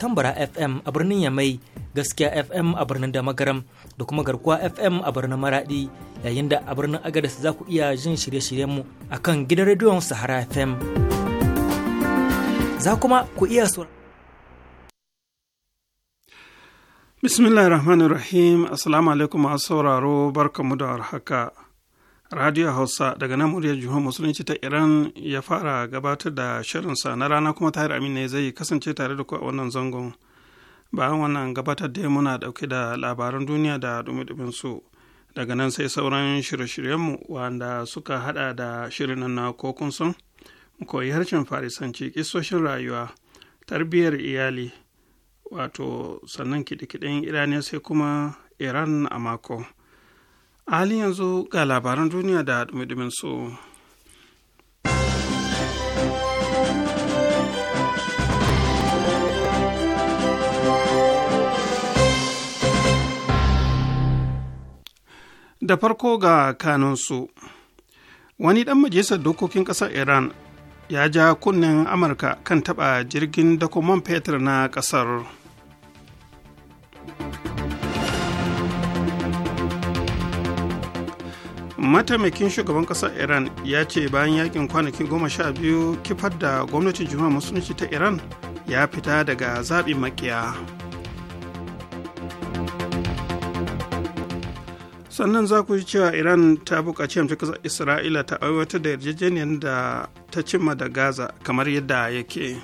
tambara fm a birnin yamai gaskiya fm a birnin damagaram da kuma garkuwa fm a birnin maradi yayin da a birnin agadas za ku iya jin shirye-shiryenmu a kan gidan rediyon sahara fm za kuma ku iya bismillah rahmanir rahim assalamu alaikum masu sauraro barkamu da warhaka radio hausa daga nan muryar jihar musulunci ta iran ya fara gabatar da shirinsa na rana kuma tahir amin ne zai kasance tare da ku a wannan zangon bayan wannan gabatar da muna dauke da labaran duniya da dumi su daga nan sai sauran shirye-shiryenmu wanda suka hada da shirin na kokun sun koyi harshen farisanci kisoshin rayuwa tarbiyyar iyali wato sannan kiɗe iraniya sai kuma iran a mako halin yanzu ga labaran duniya da dumi su. da farko ga kanunsu wani ɗan majalisar dokokin ƙasar iran ya ja kunnen amurka kan taɓa jirgin dakon man fetur na ƙasar mataimakin shugaban kasar iran ya ce bayan yakin kwanaki goma sha biyu kifar da gwamnatin juma musulunci ta iran ya fita daga zaɓin makiya sannan za ku ji cewa iran ta buƙaci amci kasar isra'ila ta aiwatar da yarjejeniyar da ta cimma da gaza kamar yadda yake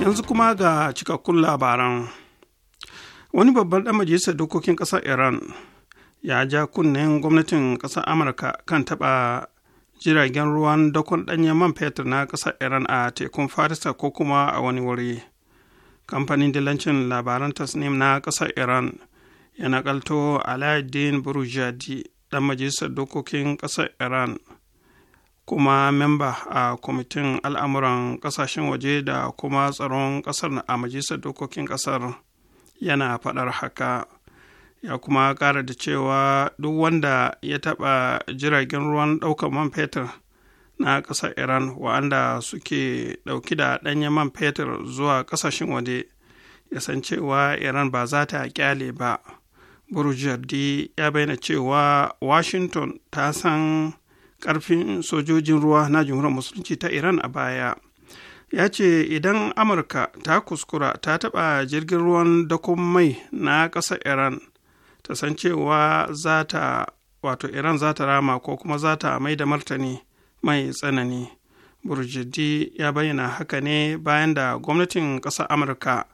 yanzu kuma ga cikakkun labaran wani babban ɗan majalisar dokokin ƙasar iran ya ja kunnen gwamnatin ƙasar amurka kan taɓa jiragen ruwan dakon ɗanyen man fetur na ƙasar iran a tekun farisa ko kuma a wani wuri kamfanin dilancin labaran tasnim na ƙasar iran ya nakalto aladdin burujadi ɗan majalisar dokokin ƙasar iran kuma memba a kwamitin al'amuran ƙasashen waje da kuma tsaron ƙasar a majalisar dokokin ƙasar yana faɗar haka ya kuma ƙara da cewa duk wanda ya taɓa jiragen ruwan ɗaukar man fetur na ƙasar iran wa'anda suke ɗauki da ɗanyen man fetur zuwa ƙasashen waje ya san cewa iran ba za ta ƙyale ba burjardi ya bayyana cewa washington ta san ƙarfin sojojin ruwa na jamhuriyar musulunci ta iran a baya ya ce idan amurka ta kuskura ta taɓa jirgin ruwan dakon mai na ƙasar iran ta san cewa za ta wato iran za ta rama ko kuma za ta mai da martani mai tsanani burjidi ya bayyana haka ne bayan da gwamnatin ƙasar amurka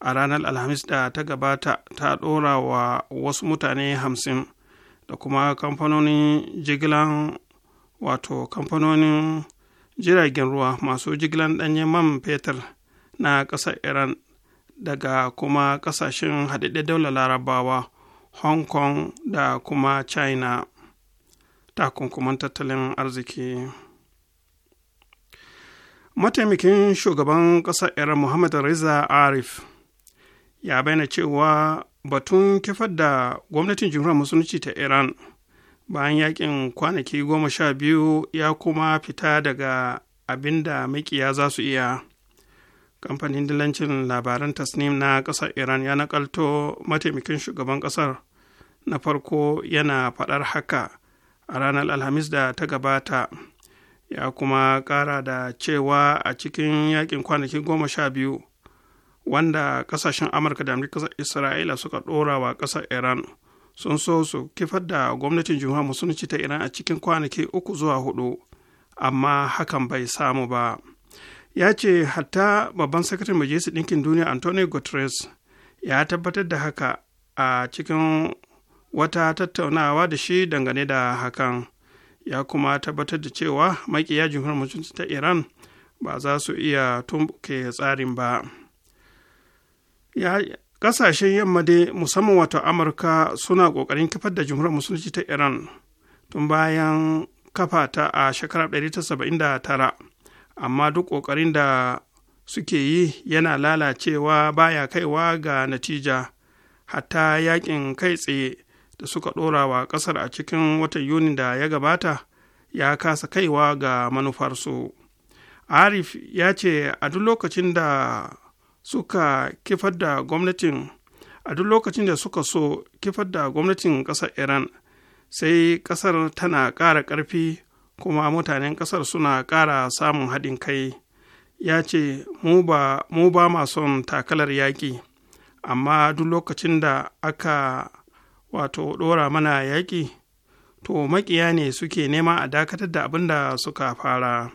a ranar alhamis da ta gabata ta ɗora wa wasu mutane hamsin da kuma kamfanonin jigilan wato kamfanonin jiragen ruwa masu jigilan ɗanyen man fetur na ƙasar iran daga kuma ƙasashen haɗaɗɗen daular larabawa hong kong da kuma china takunkuman tattalin arziki mataimakin shugaban ƙasar iran muhammad reza arif ya bayyana cewa batun kifar da gwamnatin jihar musulunci ta iran bayan yakin kwanaki goma sha biyu ya kuma fita daga abin da makiya za su iya kamfanin dilancin labaran tasnim na ƙasar iran ya nakalto mataimakin shugaban ƙasar na farko yana faɗar haka a ranar alhamis da ta gabata ya kuma ƙara da cewa a cikin yakin kwanaki goma sha biyu wanda ƙasashen amurka da amurka isra'ila suka ɗora wa ƙasar iran sun so su kifar da gwamnatin juma musulunci ta iran a cikin kwanaki uku zuwa hudu amma hakan bai samu ba ya ce hatta babban sakatar majalisar ɗinkin duniya antonio guterres ya tabbatar da haka a cikin wata tattaunawa da shi dangane da hakan ya kuma tabbatar da cewa makiya jumhuriyar musulunci ta iran ba za su iya tumbuke tsarin ba Ƙasashen yamma dai musamman wato Amurka suna ƙoƙarin kifar da jumhuriyar musulunci ta Iran tun bayan kafa ta a shekarar 1979 amma duk ƙoƙarin da suke yi yana lalacewa baya kaiwa ga natija hatta yakin kai tsaye da suka ɗorawa wa ƙasar a cikin watan yuni da ya gabata ya kasa kaiwa ga manufarsu arif ya ce a duk lokacin da suka kifar da gwamnatin a duk lokacin da suka so kifar da gwamnatin ƙasar iran sai ƙasar tana ƙara ƙarfi kuma mutanen ƙasar suna ƙara samun haɗin kai ya ce mu ba ma son takalar yaƙi amma duk lokacin da aka wato ɗora mana yaƙi to maƙiya ne suke nema a dakatar da abin da suka fara.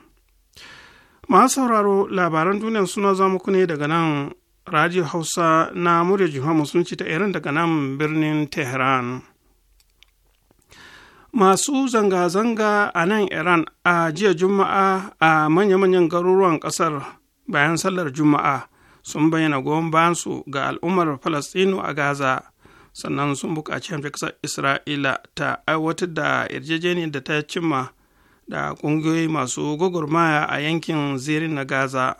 masu sauraro labaran duniya suna za muku ne daga nan radio hausa na murya jihar musulunci ta iran daga nan birnin tehran masu zanga-zanga a nan iran a jiya juma'a a manya-manyan garuruwan kasar bayan sallar juma'a sun bayyana goyon su ga al'ummar falastinu a gaza sannan sun buƙaci hamshe ƙasar isra'ila ta aiwatar da yarjejeniyar da ta cimma da ƙungiyoyi masu gwagwarmaya a yankin zirin na gaza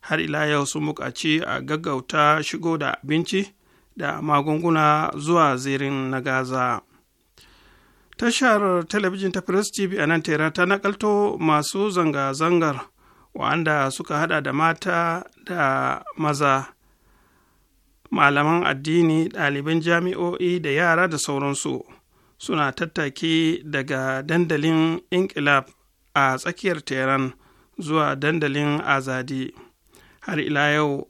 har ila yau sun buƙaci a gaggauta shigo da abinci da magunguna zuwa zirin na gaza tashar talabijin ta press tv a nan tera ta nakalto masu zanga-zangar wa'anda suka hada da mata da maza malaman addini ɗaliban jami'o'i da yara da sauransu suna tattaki daga dandalin inkilab a tsakiyar teran zuwa dandalin azadi har ila yau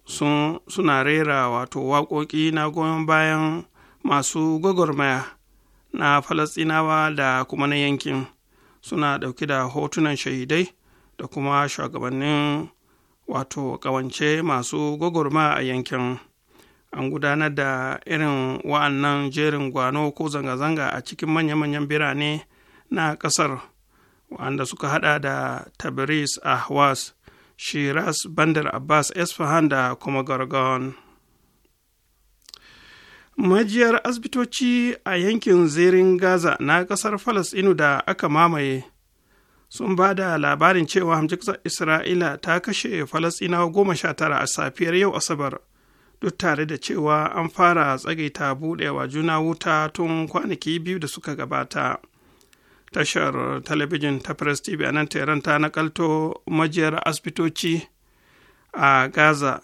suna rera wato waƙoƙi na goyon bayan masu gwagwarmaya na falasɗinawa da kuma na yankin suna ɗauki da hotunan shahidai da kuma shugabannin wato ƙawance masu gwagwarmaya a yankin an gudanar da irin wa'annan jerin gwano ko zanga-zanga a cikin manya-manyan birane na ƙasar wanda suka hada da tabriz ahwas shiras bandar abbas esfahan da kuma gargaon majiyar asibitoci a yankin zirin gaza na ƙasar falasɗinu da aka mamaye sun ba da labarin cewa hamjiksar isra'ila ta kashe falasɗinawa goma sha tara a safiyar yau asabar duk tare da cewa an fara tsagaita buɗewa juna wuta tun kwanaki biyu da suka gabata tashar talabijin ta press tv a nan teran ta nakalto majiyar asibitoci a gaza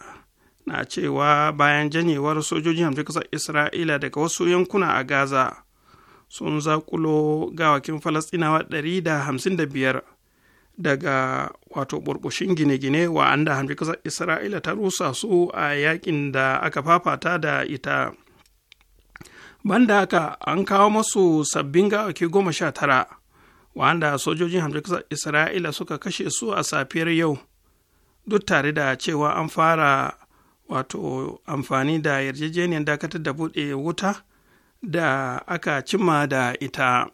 na cewa bayan janyewar sojojin hamdu kasar isra'ila daga wasu yankuna a gaza sun zakulo gawakin falasɗinawa 155 daga wato burbushin gine-gine wa'anda hamdukasar isra'ila ta rusa su a yakin da aka fafata da ita banda haka an kawo masu sabbin gawaki goma sha tara wa'anda sojojin hamdukasar isra'ila suka kashe su a safiyar yau duk tare da cewa an fara wato amfani da yarjejeniyar dakatar da buɗe wuta da aka cimma da ita.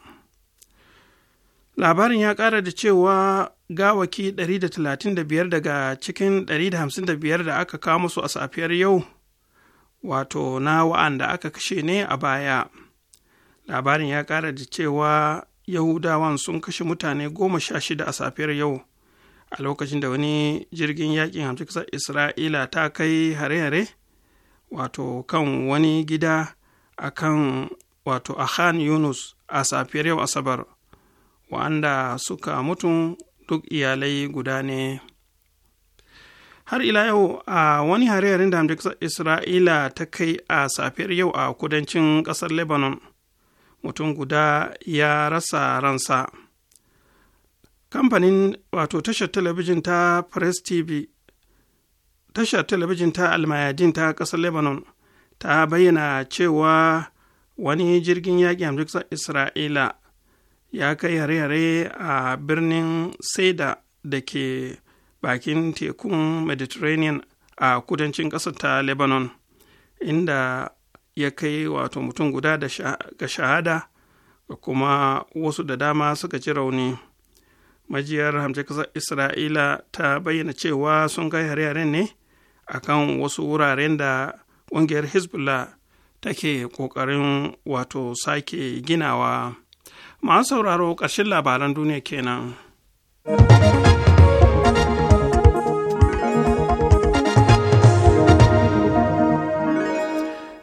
labarin ya ƙara da cewa gawaki 135 daga cikin 155 da aka kawo su a safiyar yau wato na wa'anda aka kashe ne a baya labarin ya ƙara da cewa yahudawan sun kashe mutane goma sha shida a safiyar yau a lokacin da wani jirgin yakin hamsin kasar isra'ila ta kai hare-hare wato kan wani gida a kan wato a khan yunus a safiyar yau asabar wanda suka mutu duk iyalai guda ne har ila yau a wani hare-haren da isra'ila ta kai a safiyar yau a kudancin ƙasar lebanon mutum guda ya rasa ransa kamfanin wato tashar talabijin ta press tv tashar talabijin ta almayadin ta ƙasar lebanon ta bayyana cewa wani jirgin yaƙi amurka isra'ila ya kai hare-hare a birnin saida da ke bakin tekun mediterranean a kudancin ƙasar ta lebanon inda ya kai wato mutum guda ga shahada ga kuma wasu da dama suka ji rauni majiyar hamshe ƙasar isra'ila ta bayyana cewa sun kai hare hare ne a kan wasu wuraren da ƙungiyar hezbollah take ƙoƙarin wato sake ginawa. masu sauraro ƙarshen labaran duniya kenan.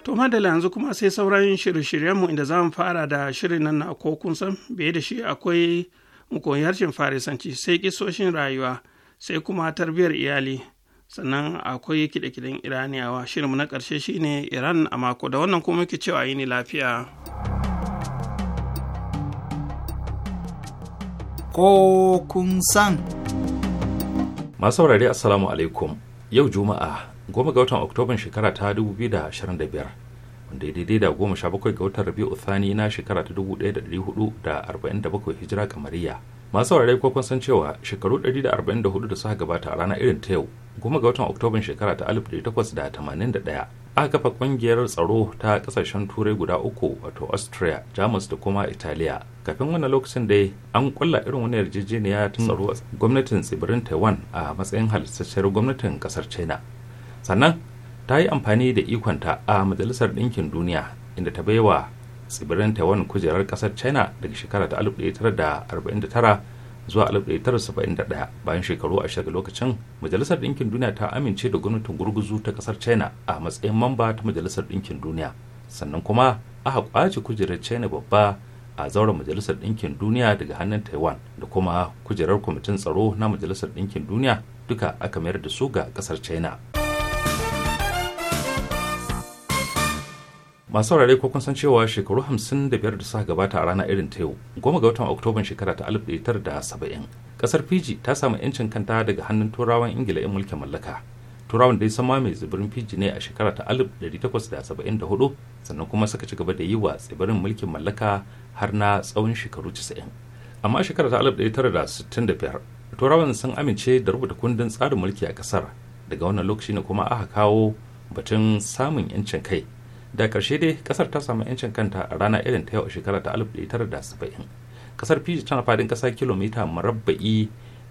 To madala yanzu kuma sai sauran shirye-shiryenmu inda za mu fara da shirin nan na ko kun san biye da shi akwai mukoyin harshen farisanci sai kisoshin rayuwa sai kuma tarbiyyar iyali sannan akwai kiɗe-kiɗen iraniyawa shirinmu na ƙarshe shine iran a mako da wannan kuma muke cewa yi ne lafiya. ko kun san. Masu saurari Assalamu alaikum yau Juma'a goma ga watan Oktoban shekara ta 2025 wanda ya daidai da goma sha bakwai ga watan Rabi'u Thani na shekara ta 1447 hijira kamariya. Masu saurari ko kun san cewa shekaru 144 da suka gabata a ranar irin ta yau goma ga watan Oktoban shekara ta alif da da ɗaya. a kafa kungiyar tsaro ta kasashen turai guda uku wato austria jamus da kuma italiya kafin wannan lokacin dai an kulla irin wani yarjejeniya ta tsaro gwamnatin tsibirin taiwan a matsayin halittacciyar gwamnatin kasar china sannan ta yi amfani da ikonta a majalisar ɗinkin duniya inda ta baiwa tsibirin taiwan kujerar kasar china daga shekara ta 1949 zuwa 1971 bayan shekaru a shirga lokacin majalisar ɗinkin duniya ta amince da gwamnatin gurguzu ta ƙasar china a matsayin mamba ta majalisar ɗinkin duniya sannan kuma aka kwace kujerar china babba a zauren majalisar ɗinkin duniya daga hannun taiwan da kuma kujerar kwamitin tsaro na majalisar ɗinkin duniya duka aka mayar da su ga ƙasar china masu wurare ko kun san cewa shekaru 55 da suka gabata a rana irin ta yau goma ga watan oktoban shekara ta 1970 kasar fiji ta samu yancin kanta daga hannun turawan ingila 'yan mulkin mallaka turawan dai sama mai tsibirin fiji ne a shekara ta 1874 sannan kuma suka ci gaba da yi wa tsibirin mulkin mallaka har na tsawon shekaru 90 amma a shekara ta 1965 turawan sun amince da rubuta kundin tsarin mulki a kasar daga wannan lokaci ne kuma aka kawo batun samun yancin kai da karshe dai kasar ta samu 'yancin kanta a rana irin ta yau a shekara ta 1970 kasar fiji tana fadin kasa kilomita marabba'i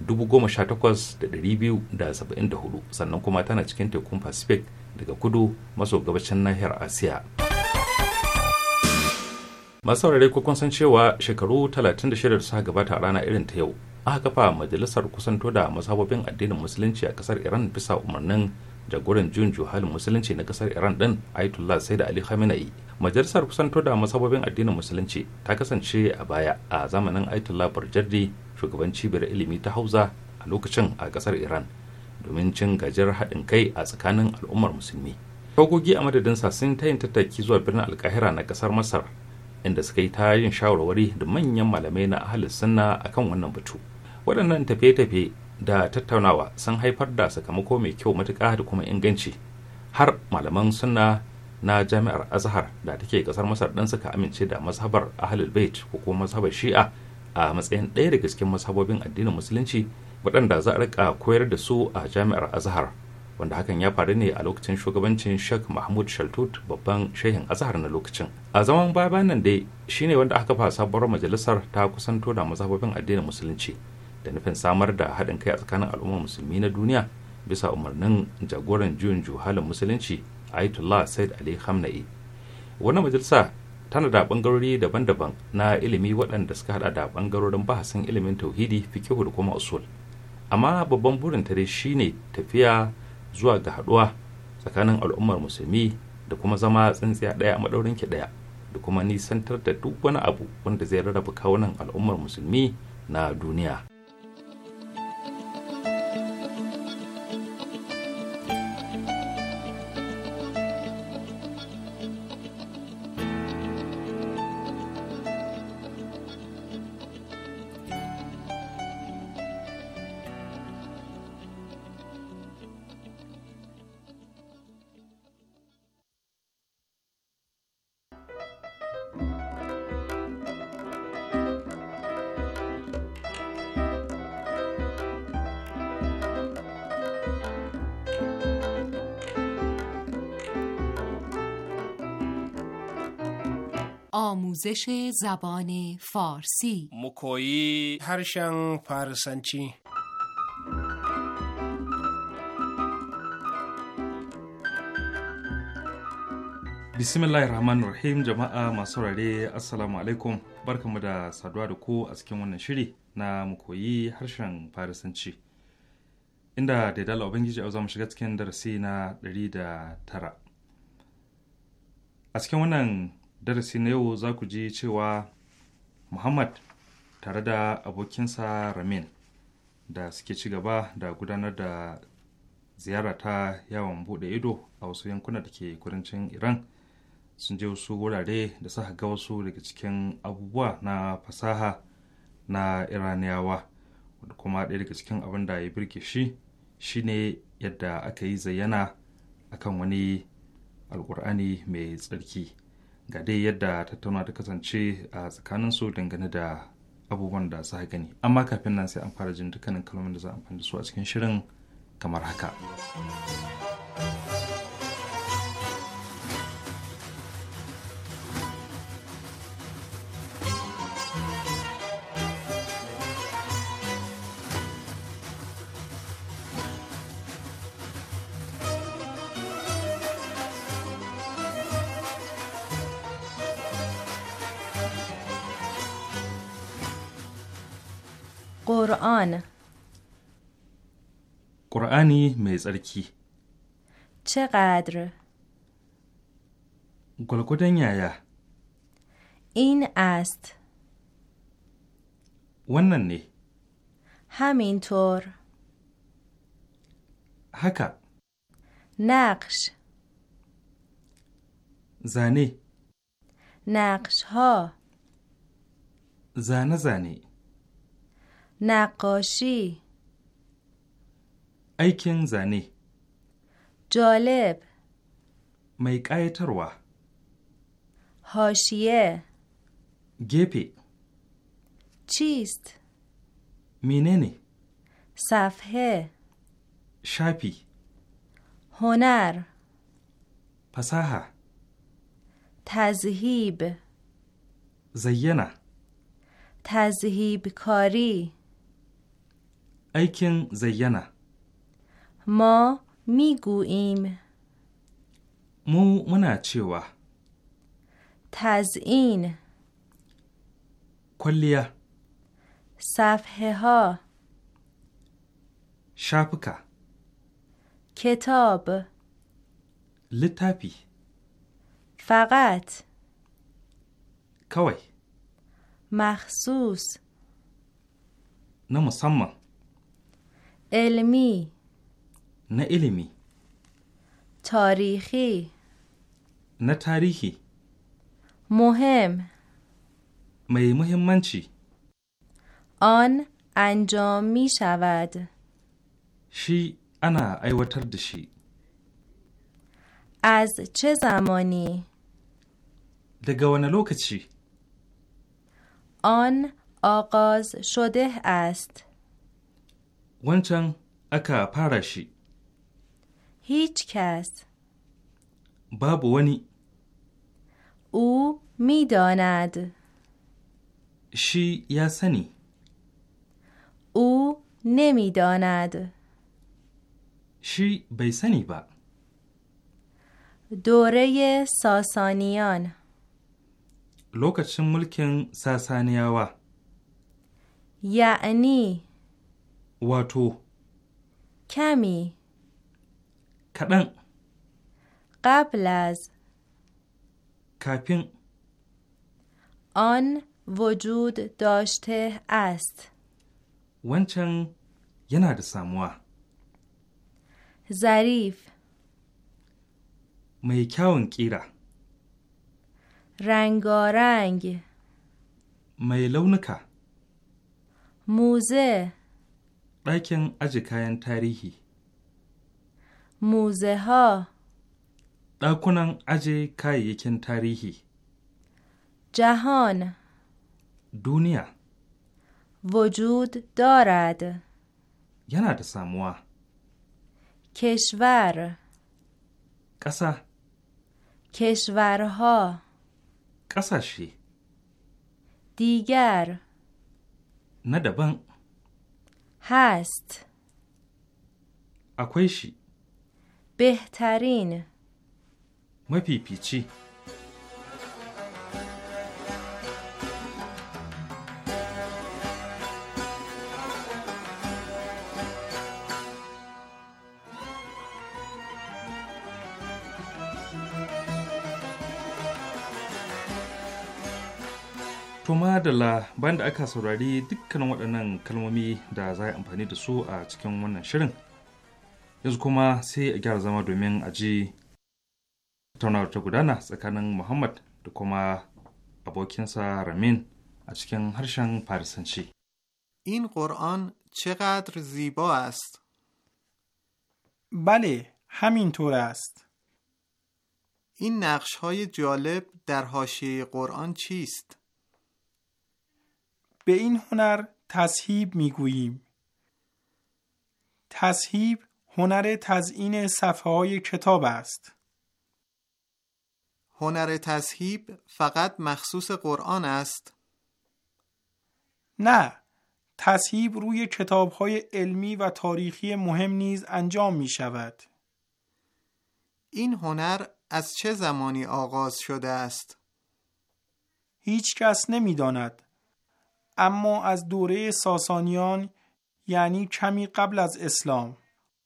18,274 sannan kuma tana cikin tekun pacific daga kudu maso gabashin nahiyar asiya masu saurare ko san cewa shekaru 36 da suka gabata a rana irin ta yau aka kafa majalisar kusanto da masababin addinin musulunci a kasar iran bisa umarnin jagoran juyin juhalin musulunci na kasar iran din ayatollah sai da ali khamenei majalisar kusanto da masababin addinin musulunci ta kasance a baya a zamanin ayatollah barjardi shugaban cibiyar ilimi ta hauza a lokacin a kasar iran domin cin gajiyar haɗin kai a tsakanin al'ummar musulmi fagogi a madadin sa sun ta yin tattaki zuwa birnin alkahira na kasar masar inda suka yi ta yin shawarwari da manyan malamai na ahalin sunna akan wannan batu waɗannan tafiye-tafiye da tattaunawa sun haifar da sakamako mai kyau matuƙa da kuma inganci har malaman sunna na jami'ar azhar da take kasar masar ɗin suka amince da mazhabar ahlul bait ko kuma mazhabar shi'a a matsayin ɗaya daga cikin mazhabobin addinin musulunci waɗanda za a rika koyar da su a jami'ar azhar wanda hakan ya faru ne a lokacin shugabancin Sheikh Mahmud Shaltut babban shehin azhar na lokacin. A zaman baya nan dai shine wanda aka fa sabuwar majalisar ta kusanto da mazhabobin addinin musulunci da nufin samar da haɗin kai a tsakanin al'ummar musulmi na duniya bisa umarnin jagoran juyin juhalin musulunci ayatollah said ali hamna'i wannan majalisa tana da bangarori daban-daban na ilimi waɗanda suka haɗa da bangarorin bahasin ilimin tauhidi fikihu da kuma usul amma babban burin ta dai shine tafiya zuwa ga haɗuwa tsakanin al'ummar musulmi da kuma zama tsintsiya ɗaya a maɗaurin ki ɗaya da kuma nisantar da duk wani abu wanda zai rarraba kawunan al'ummar musulmi na duniya آموزش زبان فارسی مکویی هرشن فارسنچی bismillahir rahmanir rahim jama'a masu saurare assalamu alaikum barkamu da saduwa da ku a cikin wannan shiri na mu koyi harshen farisanci inda da dala ubangiji yau za mu shiga cikin darasi na 109 a cikin wannan darasi na yau za ku ji cewa muhammad tare da abokinsa ramin da suke ci gaba da gudanar da ziyara ta yawon bude ido a wasu yankuna da ke kudancin iran sun je wasu wurare da sahaga ga wasu daga cikin abubuwa na fasaha na iraniyawa wadda kuma ɗaya daga cikin abin da ya birke shi shine yadda aka yi zayyana akan wani alkur'ani mai tsarki ga dai yadda tattauna ta kasance a tsakanin su dangane da abubuwan da za gani amma kafin nan sai an fara jin dukkanin kalmomin da za a amfani da su a cikin shirin kamar haka. آن قرآنی می زرکی چقدر گلگودن یایا این است وننی همین همینطور haka نقش زنی نقش ها زانه زنی نقاشی ایکن زنی، جالب mai ƙayatarwa حاشیه گپی، چیست میننی صفحه شاپی هنر فساحه تزهیب زینه تزهیب کاری ایکن زینه ما میگوییم مو منا چیوه تزئین کلیه صفحه ها شبکه کتاب لطفی فقط کوی مخصوص نه علمی نه علمی تاریخی نه تاریخی مهم می مهم من چی؟ آن انجام می شود شی انا ایوتر شی از چه زمانی؟ دگوانه چی؟ آن آغاز شده است wancan aka fara shi. Hitch cast. Babu wani. U mi donad. Shi ya sani. U ne mi donad. Shi bai sani ba. Dore sasaniyan. Lokacin mulkin sasaniyawa. Ya'ani. Yani. wato kami kaɗan ƙafilas kafin on wujud doshte ast wancan yana da samuwa zarif mai kyawun ƙira rangorang mai launuka muzee ɗakin aji kayan tarihi muze ɗakunan aje kayayyakin tarihi jahan Duniya. vujud dorad. yana da samuwa keshwar ƙasa کشورها ƙasashe Digar. na daban هست اکویشی بهترین مپی پیچی madala bayan da aka saurari dukkanin waɗannan kalmomi da za a amfani da su a cikin wannan shirin yanzu kuma sai a gyara zama domin a ji taunawar ta gudana tsakanin muhammad da kuma abokinsa ramin a cikin harshen farisanci این قرآن چقدر زیبا است بله همینطور است این نقش های جالب در حاشیه قرآن چیست؟ به این هنر تصهیب میگوییم تصهیب هنر تزئین صفحه های کتاب است هنر تصهیب فقط مخصوص قرآن است نه تصهیب روی کتاب های علمی و تاریخی مهم نیز انجام می شود این هنر از چه زمانی آغاز شده است؟ هیچ کس نمی داند اما از دوره ساسانیان یعنی کمی قبل از اسلام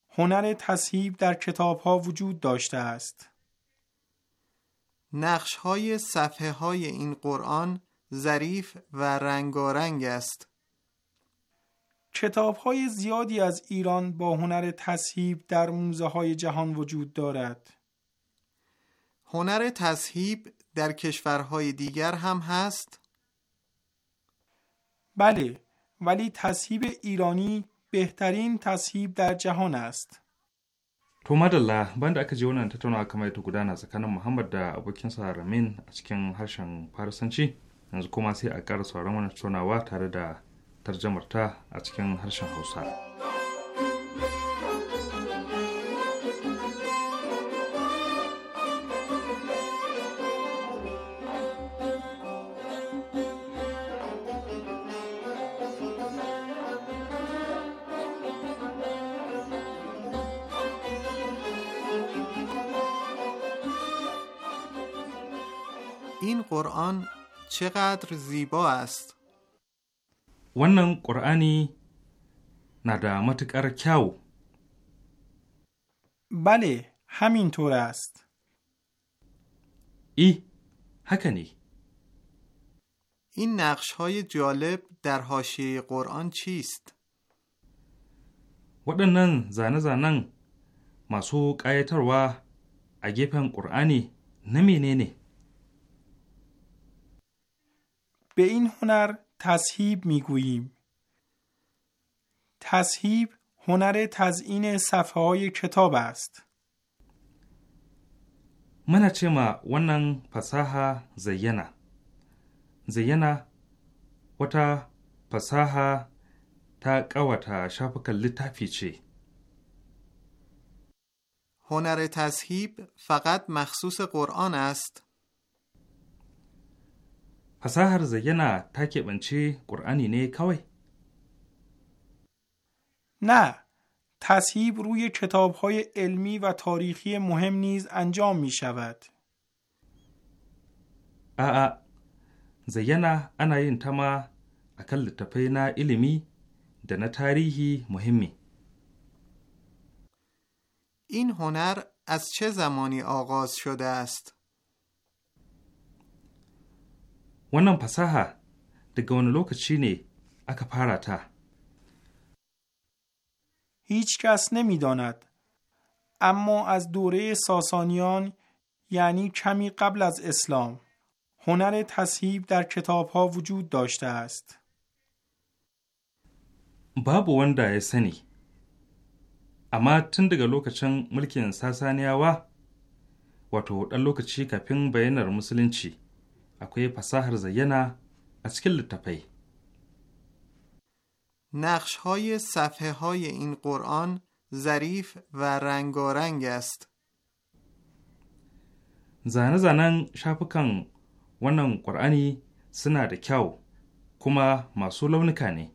هنر تصحیب در کتاب ها وجود داشته است نقش های صفحه های این قرآن ظریف و رنگارنگ است کتاب های زیادی از ایران با هنر تصحیب در موزه های جهان وجود دارد هنر تصحیب در کشورهای دیگر هم هست؟ بله، ولی تصهیب ایرانی بهترین تصهیب در جهان است. To madalla banda aka je wannan tattaunawa kamar ta gudana tsakanin Muhammad da abokinsa Ramin a cikin harshen Farisanci yanzu kuma sai a ƙara sauran wannan tattaunawa tare da tarjamarta a cikin harshen Hausa. قرآن چقدر زیبا است wannan qur'ani na da matuƙar kyau hamin tura ast ای haka ne این نقش های جالب در حاشیه قرآن چیست؟ waɗannan zane-zanen masu ƙayatarwa a gefen ƙur'ani na menene ne به این هنر تصهیب میگوییم تصهیب هنر تزئین صفحه های کتاب است من چه ما wannan fasaha زینا، زینا wata fasaha ta ƙawata shafukan littafi هنر تصهیب فقط مخصوص قرآن است؟ هر ضنا تاک بچه قرآنی کوی نه، تصیب روی کتاب علمی و تاریخی مهم نیز انجام می شود. آ ض تما ا انتم اقل تپین علمی د تاریحی مهمی. این هنر از چه زمانی آغاز شده است؟ wannan fasaha daga wani lokaci ne aka fara ta هیچ کس نمی داند. اما از دوره ساسانیان یعنی کمی قبل از اسلام هنر تصحیب در کتاب ها وجود داشته است. باب وندا سنی اما تن daga lokacin mulkin Sasaniyawa wato dan lokaci kafin bayyanar musulunci akwai fasahar zayyana a cikin littafai. نقش های صفحه های این قرآن ظریف و رنگارنگ است. زانه زانن شاپکان ونن قرآنی سنار کیو کما kuma masu launuka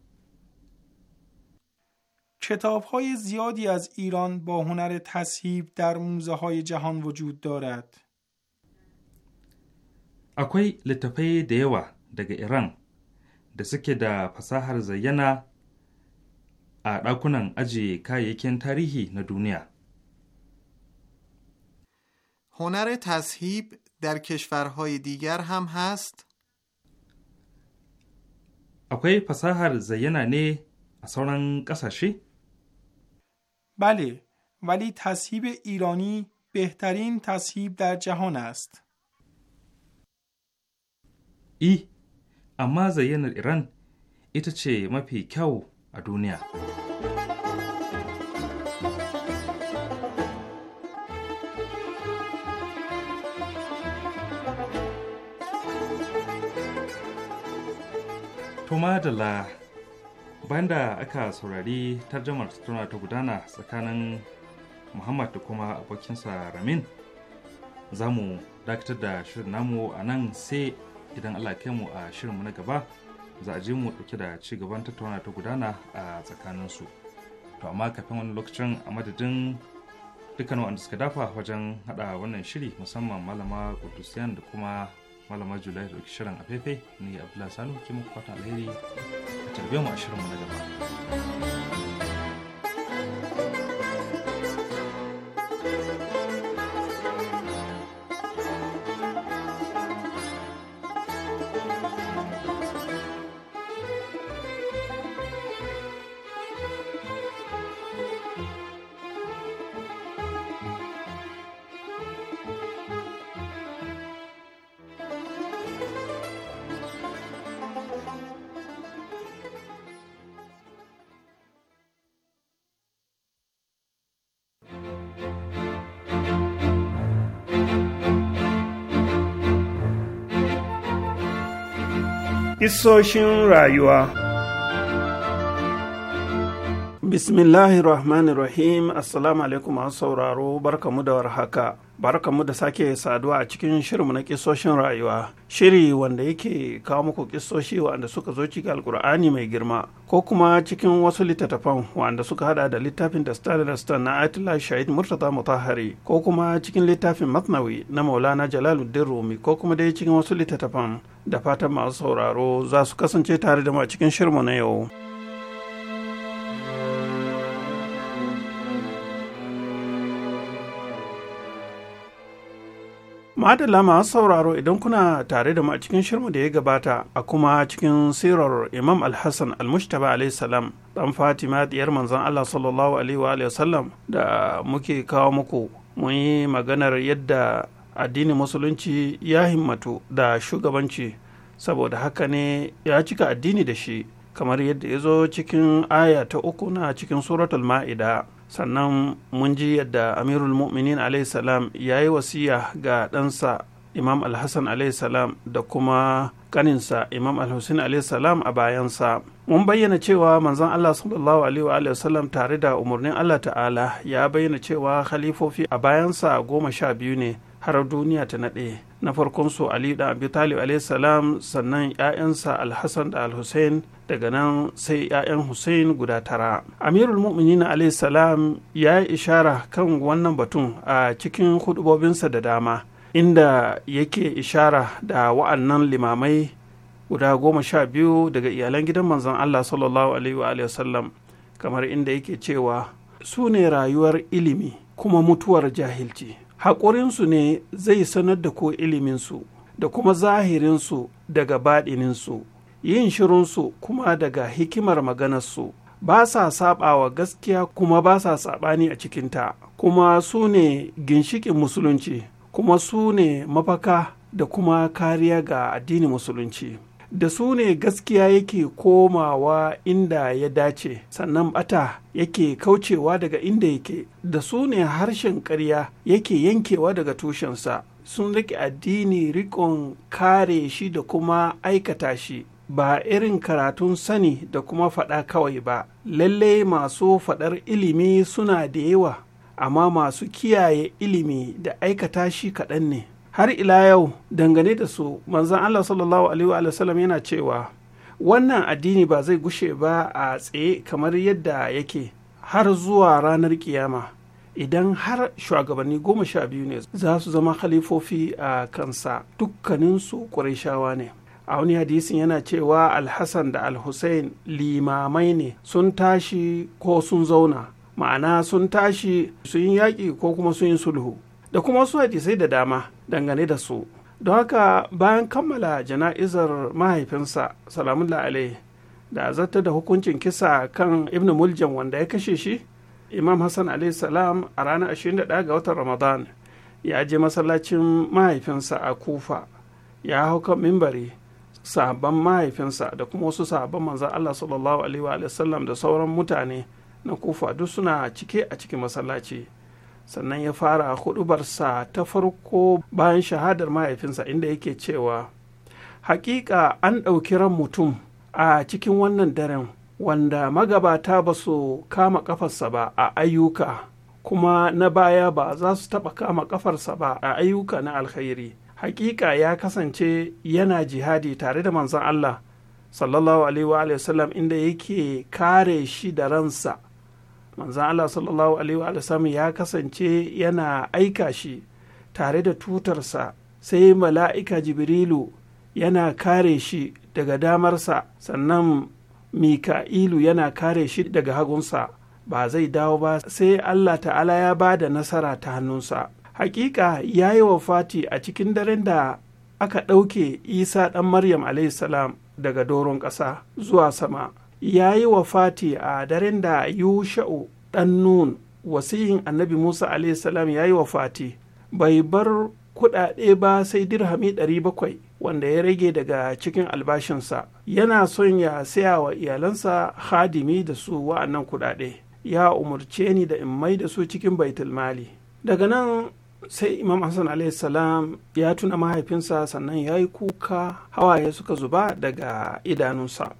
کتاب های زیادی از ایران با هنر تصحیب در موزه های جهان وجود دارد. akwai littafai da yawa daga iran da suke da fasahar zayyana a ɗakunan aji kayayyakin tarihi na duniya honar tashib dar kishfar hoi digar ham hast akwai fasahar zayyana ne a sauran kasashe bale wali tashib irani behtarin tashib dar jahan ast I, e, amma zayyanar Iran ita ce mafi kyau a duniya. Tumadala bayan da aka saurari tarjamar tattauna ta gudana tsakanin Muhammad da kuma abokinsa Ramin, za mu dakatar da shirin namu a nan sai idan allah kai mu a shirin mu na gaba za a je mu dauke da ci gaban tattauna ta gudana a tsakanin su to amma kafin wani lokacin a madadin dukkan wanda suka dafa wajen hada wannan shiri musamman malama kudusiyan da kuma malama julai da shirin a faifai ne abdullahi salihu ke muku fata alheri a tarbe mu a shirinmu na gaba Kisoshin rayuwa Bismillahirrahmanirrahim Assalamu alaikum masu sauraro barkamu da warhaka. barkanmu da sake saduwa a cikin shirinmu na kisoshin rayuwa shiri wanda yake kawo muku kisoshi wanda suka zo cikin alkur'ani mai girma ko kuma cikin wasu littattafan wanda suka hada da littafin da star da star na atila shahid murtaza mutahari ko kuma cikin littafin matnawi na maulana jalaluddin rumi ko kuma dai cikin wasu littattafan da fatan masu sauraro za su kasance tare da mu a cikin shirinmu na yau. madalla masu sauraro idan kuna tare da mu a cikin shirmu da ya gabata a kuma cikin sirar imam al mustafa alayhi salam dan fatima diyar manzon allah sallallahu alaihi wa sallam da muke kawo muku mun yi maganar yadda addinin musulunci ya himmatu da shugabanci saboda haka ne ya cika addini da shi kamar yadda ya zo cikin aya ta uku na cikin suratul ma'ida sannan mun ji yadda amirul mu'minin salam ya yi wasiya ga ɗansa imam alhassan salam da kuma kaninsa imam alhussein salam a bayansa mun bayyana cewa manzon allah sallallahu alaihi wasallam tare da umarnin allah ta'ala ya bayyana cewa khalifofi a bayansa goma sha biyu ne har duniya ta naɗe na farkonsu ali da abu talib salam sannan 'ya'yansa alhassan da alhussein daga nan sai 'ya'yan hussein guda tara amirul mu'minin salam ya yi ishara kan wannan batun a cikin hudubobinsa da dama inda yake ishara da wa'annan limamai guda goma sha biyu daga iyalan gidan manzon allah sallallahu alaihi wa kamar inda yake cewa su ne rayuwar ilimi kuma mutuwar jahilci haƙurinsu ne zai sanar da ko iliminsu da kuma zahirinsu daga baɗininsu yin shirinsu kuma daga hikimar maganarsu ba sa saɓawa gaskiya kuma ba sa saɓani a cikinta kuma su ne ginshikin musulunci kuma su ne mafaka da kuma kariya ga addinin musulunci da su ne gaskiya yake komawa inda ya dace sannan bata yake kaucewa daga inda yake da su ne harshen ƙarya yake yankewa daga tushensa sun riƙe addini rikon kare shi da kuma aikata shi ba irin karatun sani da kuma faɗa kawai ba lalle masu faɗar ilimi suna da yawa amma masu kiyaye ilimi da aikata shi kaɗan ne har ila yau dangane da su manzan allah sallallahu alaihi wa sallam yana cewa wannan addini ba zai gushe ba a tsaye kamar yadda yake har zuwa ranar kiyama idan har shugabanni goma sha biyu ne za su zama khalifofi a kansa dukkaninsu ƙurashawa ne a wani hadisin yana cewa alhassan da alhussein limamai ne sun tashi ko sun zauna ma'ana sun tashi sun yaƙi ko kuma sun yi sulhu da kuma wasu hadisai da dama dangane da su don haka bayan kammala jana'izar mahaifinsa salamullah alaihi da zata da hukuncin kisa kan ibn muljan wanda ya kashe shi imam hassan alai salam a ranar 21 ga watan ramadan ya je masallacin mahaifinsa a kufa ya hau kan mimbari sahabban mahaifinsa da kuma wasu sahabban manza allah sallallahu alaihi wa sallam da sauran mutane na kufa duk suna cike a cikin masallaci sannan ya fara hudubarsa ta farko bayan shahadar mahaifinsa inda yake cewa hakika an ɗauki ran mutum a cikin wannan daren wanda magabata ba su kama kafarsa ba a ayyuka kuma na baya ba za su taɓa kama kafarsa ba a ayyuka na alkhairi hakika ya kasance yana jihadi tare da manzon Allah sallallahu alaihi wa sallam inda yake kare shi da ransa manzan allah sallallahu alaihi wasallam ya kasance yana aika shi tare da tutarsa sai mala'ika jibrilu yana kare shi daga damarsa sannan mika'ilu yana kare shi daga hagunsa ba zai dawo ba sai allah ta'ala ya ba da nasara ta hannunsa hakika ya yi wa fati a cikin daren da aka ɗauke isa ɗan maryam daga doron ƙasa zuwa sama ya yi wa fati a daren da yusha'u ɗan nun wasihin annabi musa salam ya yi wa fati bai bar kuɗaɗe ba sai dirhami 700 wanda ya rage daga cikin albashinsa yana son ya saya wa iyalansa hadimi da su wa'annan kuɗaɗe ya umarce ni da in mai da su cikin mali. daga nan sai imam hassan salam ya tuna mahaifinsa sannan ya yi kuka hawaye suka zuba daga idanunsa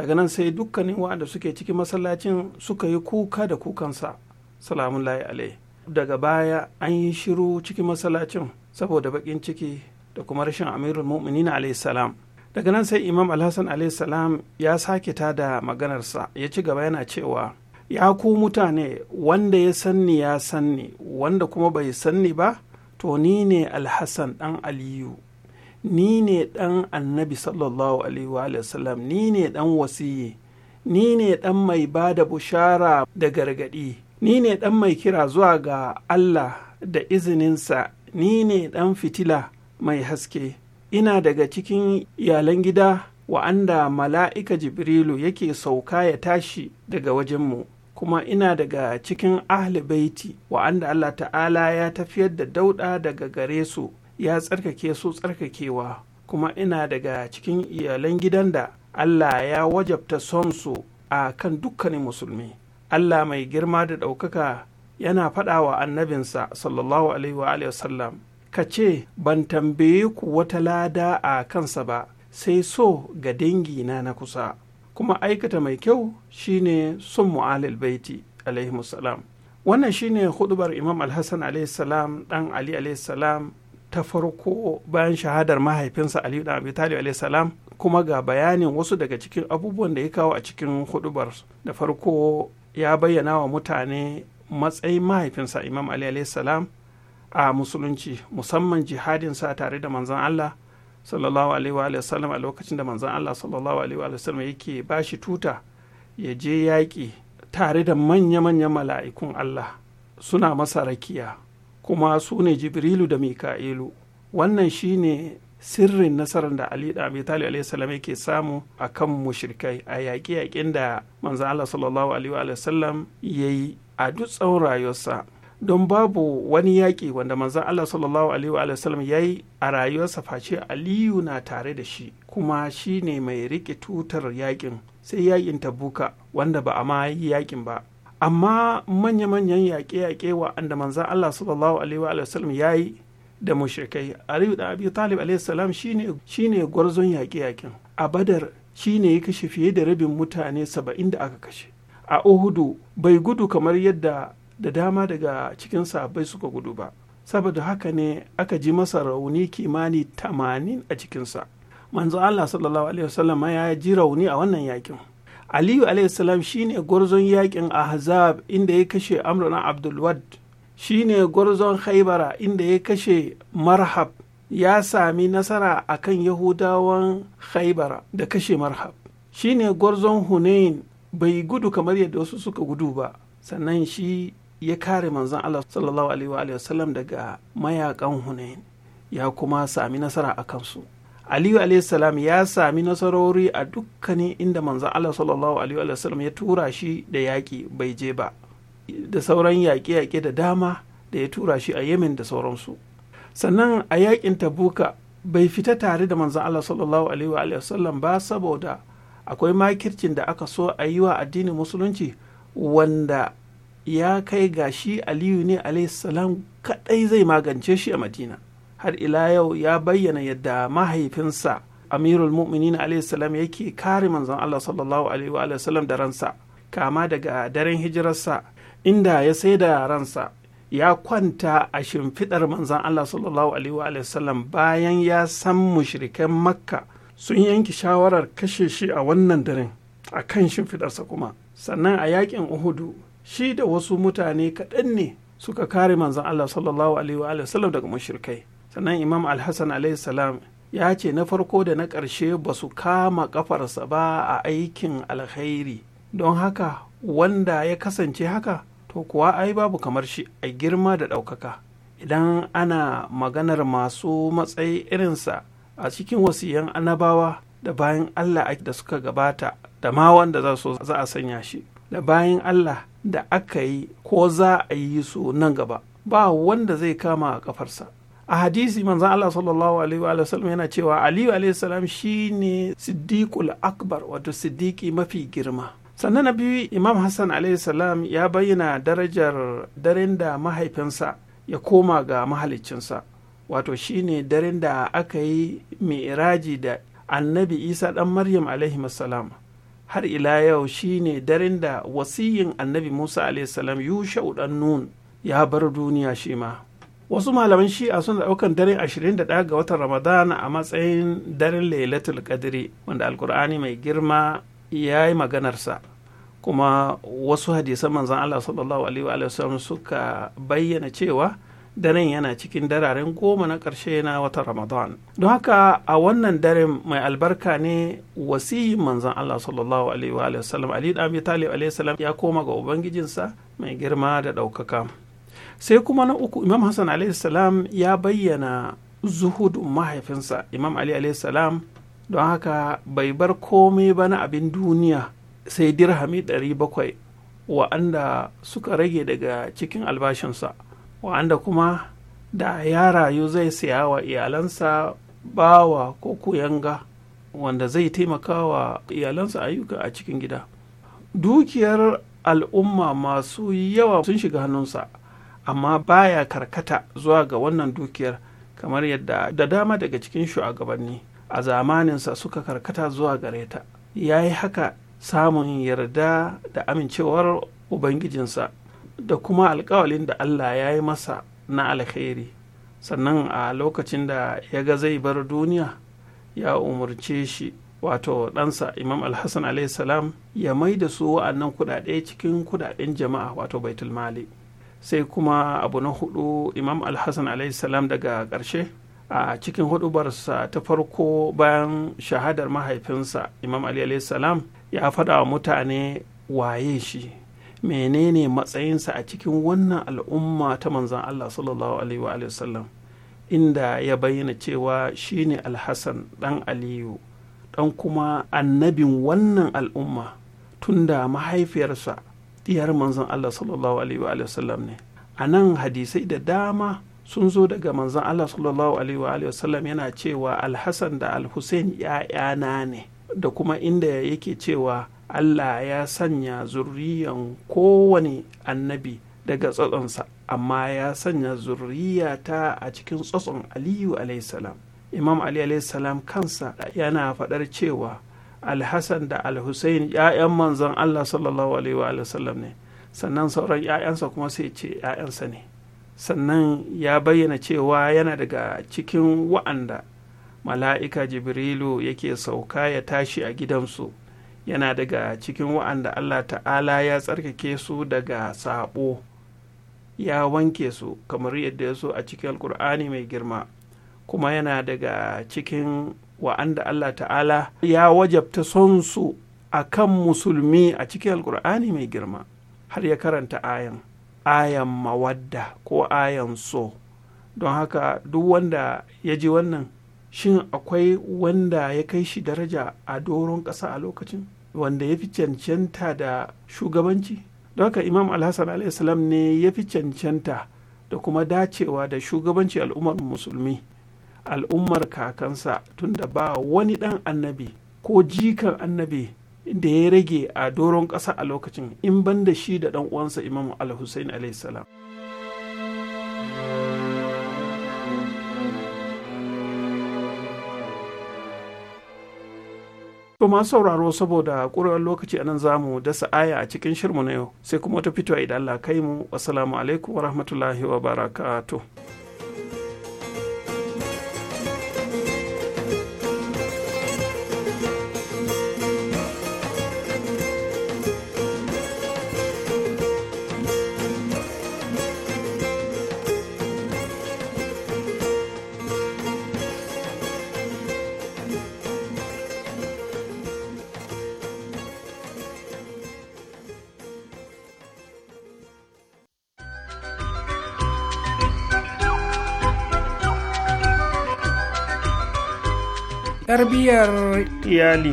daga nan sai dukkanin waɗanda suke cikin masallacin suka yi kuka da kukansa salamun layi daga baya an yi shiru cikin masallacin saboda baƙin ciki da kuma rashin amirul mu'minin salam daga nan sai imam alhassan alaihi salam ya sake ta da maganarsa ya ci gaba yana cewa ya ku mutane wanda ya sanni ya sanni wanda kuma bai sanni ba to ni ne alhassan dan aliyu ni ne ɗan annabi sallallahu alaihi wa ni ne ɗan wasiyi ni ne ɗan mai ba da bushara da gargaɗi ni ne ɗan mai kira zuwa ga Allah da izininsa ni ne ɗan fitila mai haske ina daga cikin iyalan gida wa'anda mala'ika jibrilu yake sauka ya tashi daga wajenmu kuma ina daga cikin ahli baiti wa'anda Allah ta'ala ya tafiyar da dauɗa daga gare su ya tsarkake su tsarkakewa kuma ina daga cikin iyalan gidan da Allah ya wajabta son su a kan dukkanin musulmi Allah mai girma da ɗaukaka yana faɗa wa annabinsa sallallahu alaihi wa sallam ka ce ban tambaye ku wata lada a kansa ba sai so ga dangi na na kusa kuma aikata mai kyau shine son mu'alil baiti alaihi wannan shine hudubar imam alhassan alaihi salam dan ali alaihi salam ta farko bayan shahadar mahaifinsa aliyu da abi talib salam kuma ga bayanin wasu daga cikin abubuwan da ya kawo a cikin hudubar da farko ya bayyana wa mutane matsayin mahaifinsa imam ali salam a musulunci musamman jihadin sa tare da manzon allah sallallahu alaihi wa sallam a lokacin da manzon allah sallallahu alaihi wa sallam yake bashi tuta ya je yaƙi tare da manya-manyan mala'ikun allah suna masa rakiya kuma su ne jibrilu da mika'ilu wannan shine sirrin nasarar da ali da abi talib alaihi yake samu a kan mushrikai a yaƙi-yaƙin da manzan allah sallallahu alaihi wa sallam ya yi a duk tsawon rayuwarsa don babu wani yaƙi wanda manzan Allah sallallahu alaihi wa sallam ya yi a rayuwarsa face Aliyu na tare da shi kuma shine mai riƙe tutar yaƙin sai yaƙin ta tabuka wanda ba a ma yi yaƙin ba amma manya-manyan yaƙe-yaƙe wa da manzan Allah sallallahu alaihi wa sallam ya yi da mushrikai Aliyu da Abi Talib alaihi salam shine gwarzon yaƙe-yaƙen a Badar shine ya kashe fiye da rabin mutane saba'in da aka kashe a Uhudu bai gudu kamar yadda da dama daga cikin sahabbai suka gudu ba saboda haka ne aka ji masa rauni kimani tamanin a cikinsa manzo Allah sallallahu alaihi ya ji rauni a wannan yaƙin. aliyu alaihissalam ne gwarzon yakin ahzab inda ya kashe amrana abdulwad ne gwarzon haibara inda ya kashe marhab ya sami nasara akan yahudawan haibara da kashe marhab Shi ne gwarzon hunain bai gudu kamar yadda wasu suka gudu ba sannan shi ya kare manzan allah sallallahu daga mayakan hunain ya kuma sami nasara a kansu aliyu alaihissalam ya sami nasarori a dukkanin inda manzan allah sallallahu alaihi wasallam ya tura shi da yaƙi bai je ba da sauran yaƙe-yaƙe da dama da ya tura shi a yemen da sauransu sannan a yaƙin tabuka bai fita tare da manzan allah sallallahu alaihi wasallam ba saboda akwai makircin da aka so a yi wa addinin musulunci wanda ya kai ga shi aliyu ne alaihissalam kaɗai zai magance shi a madina har ila yau ya bayyana yadda mahaifinsa amirul mu'minin alaihissalam yake kare manzon allah sallallahu alaihi wa sallam da ransa kama daga daren hijirarsa inda ya sai da ransa ya kwanta a shimfidar manzon allah sallallahu alaihi wa sallam bayan ya san mushrikan makka sun yanke shawarar kashe shi a wannan daren a kan shimfidarsa kuma sannan a yakin uhudu shi da wasu mutane kaɗan ne suka kare manzon allah sallallahu alaihi wa sallam daga mushrikai sannan imam alhassan salam ya ce na farko da na ƙarshe ba su kama ƙafarsa ba a aikin alkhairi don haka wanda ya kasance haka to kuwa ai babu kamar shi a girma da ɗaukaka idan ana maganar masu matsayi irinsa a cikin wasiyan annabawa da bayan allah da suka gabata da ma wanda za su za a sanya shi da bayan allah da aka yi ko za a yi su nan gaba ba wanda zai kama a ƙafarsa a hadisi manzan Allah sallallahu alaihi wa sallam yana cewa Aliyu alaihi salam shi ne siddiqul akbar wato siddiqi mafi girma sannan na biyu imam hassan alaihi salam ya bayyana darajar daren da mahaifinsa ya koma ga mahaliccinsa wato shi ne daren da aka yi mi'raji da annabi isa dan maryam alaihi salam har ila yau shi ne daren da wasiyin annabi musa alaihi salam yushau dan nun ya bar duniya shi ma wasu malaman shi'a suna daukan daren 21 ga watan ramadana a matsayin daren lailatul qadri wanda alkur'ani mai girma ya yi maganarsa kuma wasu hadisan manzan allah sallallahu alaihi wa sallam suka bayyana cewa daren yana cikin dararen goma na ƙarshe na watan ramadan don haka a wannan daren mai albarka ne wasiyin manzan allah sallallahu alaihi wa sallam ali alaihi salam ya koma ga ubangijinsa mai girma da ɗaukaka sai kuma na uku imam hassan alaihi salam ya bayyana zuhudun mahaifinsa imam ali salam don haka bai bar komai ba na abin duniya sai dirhami 700 wa'anda suka rage daga cikin albashinsa wa'anda kuma da ya rayu zai saya wa iyalansa bawa ko kuyanga wanda zai taimaka wa iyalansa ayyuka a cikin gida dukiyar al'umma masu yawa sun shiga hannunsa amma baya karkata zuwa ga wannan dukiyar kamar yadda da dama daga cikin shugabanni a zamaninsa suka karkata zuwa gare ta ya yi haka samun yarda da amincewar ubangijinsa da kuma alkawalin da allah ya yi masa na alkhairi sannan a lokacin da ya ga zai bar duniya ya umarce shi wato ɗansa imam alhassan salam ya mai da su wa'annan kuɗaɗe cikin kuɗaɗen jama'a wato baitulmali sai kuma abu na hudu imam alhassan salam daga ƙarshe a cikin hudubarsa ta farko bayan shahadar mahaifinsa imam ali salam ya faɗa wa mutane waye shi menene matsayinsa a cikin wannan al'umma ta manzan allah sallallahu alaihi wa sallam inda ya bayyana cewa shine alhassan ɗan aliyu ɗan kuma annabin wannan al'umma tunda mahaifiyarsa diyar manzon Allah sallallahu alaihi wa sallam ne a nan hadisai da dama sun zo daga manzon Allah sallallahu alaihi wa sallam yana cewa alhassan da alhussein ‘ya'yana ne da kuma inda yake cewa Allah ya sanya zurriyan kowane annabi daga tsotsonsa, amma ya sanya zurriyata a cikin tsotson aliyu salam imam ali salam kansa yana faɗar cewa alhassan da alhussein ‘ya'yan manzon allah sallallahu alaihi wa sallam ne sannan sauran ‘ya'yansa kuma sai ce ‘ya'yansa ne sannan ya bayyana cewa yana daga cikin wa'anda mala'ika jibrilu yake sauka ya tashi a gidansu yana daga cikin wa'anda allah ta'ala ya tsarkake su daga saɓo ya wanke su kamar yadda ya so a cikin alkur'ani mai girma kuma yana daga cikin wa'anda Allah ta'ala ya wajabta son su a kan musulmi a cikin alkur'ani mai girma har ya karanta ayan ayan mawadda ko ayan so don haka duk wanda ya ji wannan shin akwai wanda ya kai shi daraja a doron ƙasa a lokacin wanda ya fi cancanta da shugabanci don haka imam alhassan salam ne ya fi cancanta da kuma dacewa da shugabanci al'ummar musulmi al'ummar kakansa tun da ba wani ɗan annabi ko jikan annabi da ya rage a doron ƙasa a lokacin in ban da shi da ɗan uwansa imam al-hussein salam. To masu sauraro saboda ƙurewar lokaci anan zamu dasa aya a cikin shirmu na yau sai kuma ta fito idan Allah kai mu. wasu alaikum wa rahmatullahi wa barakatuh. tarbiyyar iyali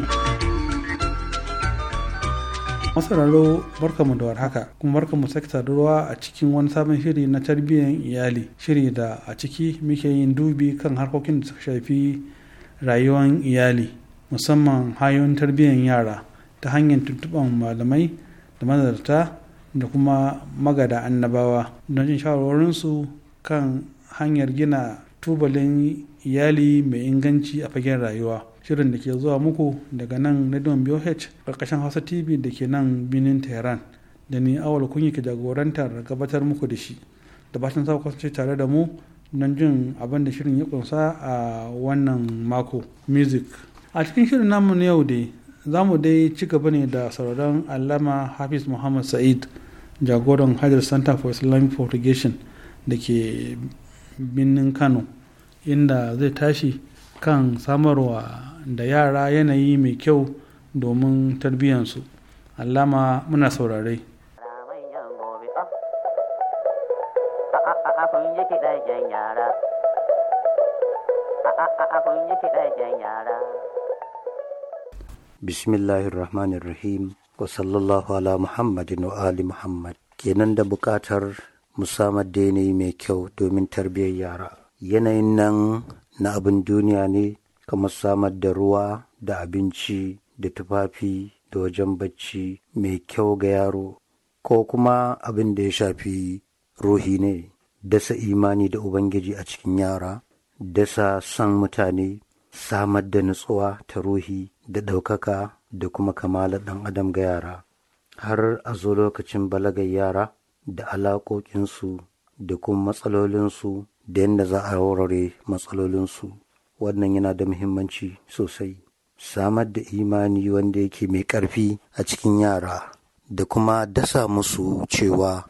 masararo barkamu da warhaka kuma barkamu sake sadarwa a cikin wani sabon shiri na tarbiyyar iyali shiri da a ciki muke yin dubi kan harkokin da suka shafi rayuwar iyali musamman hanyoyin tarbiyyar yara ta hanyar tuntuɓar malamai da mazarta da kuma magada annabawa don jin shawarwarinsu kan hanyar gina tubalin iyali mai inganci a fagen rayuwa shirin da ke zuwa muku daga nan na don bioh ƙarƙashin hausa tv da ke nan binin tehran da ni awal kunyi ke jagorantar gabatar muku da shi da fatan sa kwasance tare da mu don jin abin da shirin ya kunsa a wannan mako music a cikin shirin namu na yau dai za mu dai ci gaba ne da sauraron allama hafiz muhammad sa'id jagoran hajar center for islamic propagation da ke birnin kano inda zai tashi kan samarwa da yara yanayi mai kyau domin tarbiyyansu alama muna saurare bismillahir rahmanir rahim wa sallallahu ala muhammadin wa ali muhammad kenan da bukatar musamman da yanayi mai kyau domin tarbiyyar yara yanayin nan na abin duniya ne kamar samar da ruwa da abinci da tufafi da wajen bacci mai kyau ga yaro ko kuma abin da ya shafi ruhi ne dasa imani da ubangiji a cikin yara dasa san mutane samar da nutsuwa ta ruhi da ɗaukaka da kuma kamala ɗan adam ga yara har a zo lokacin balagar yara da alaƙoƙinsu da kuma matsalolinsu da yadda za a warware matsalolinsu wannan yana da muhimmanci sosai samar da imani wanda yake mai ƙarfi a cikin yara da kuma dasa musu cewa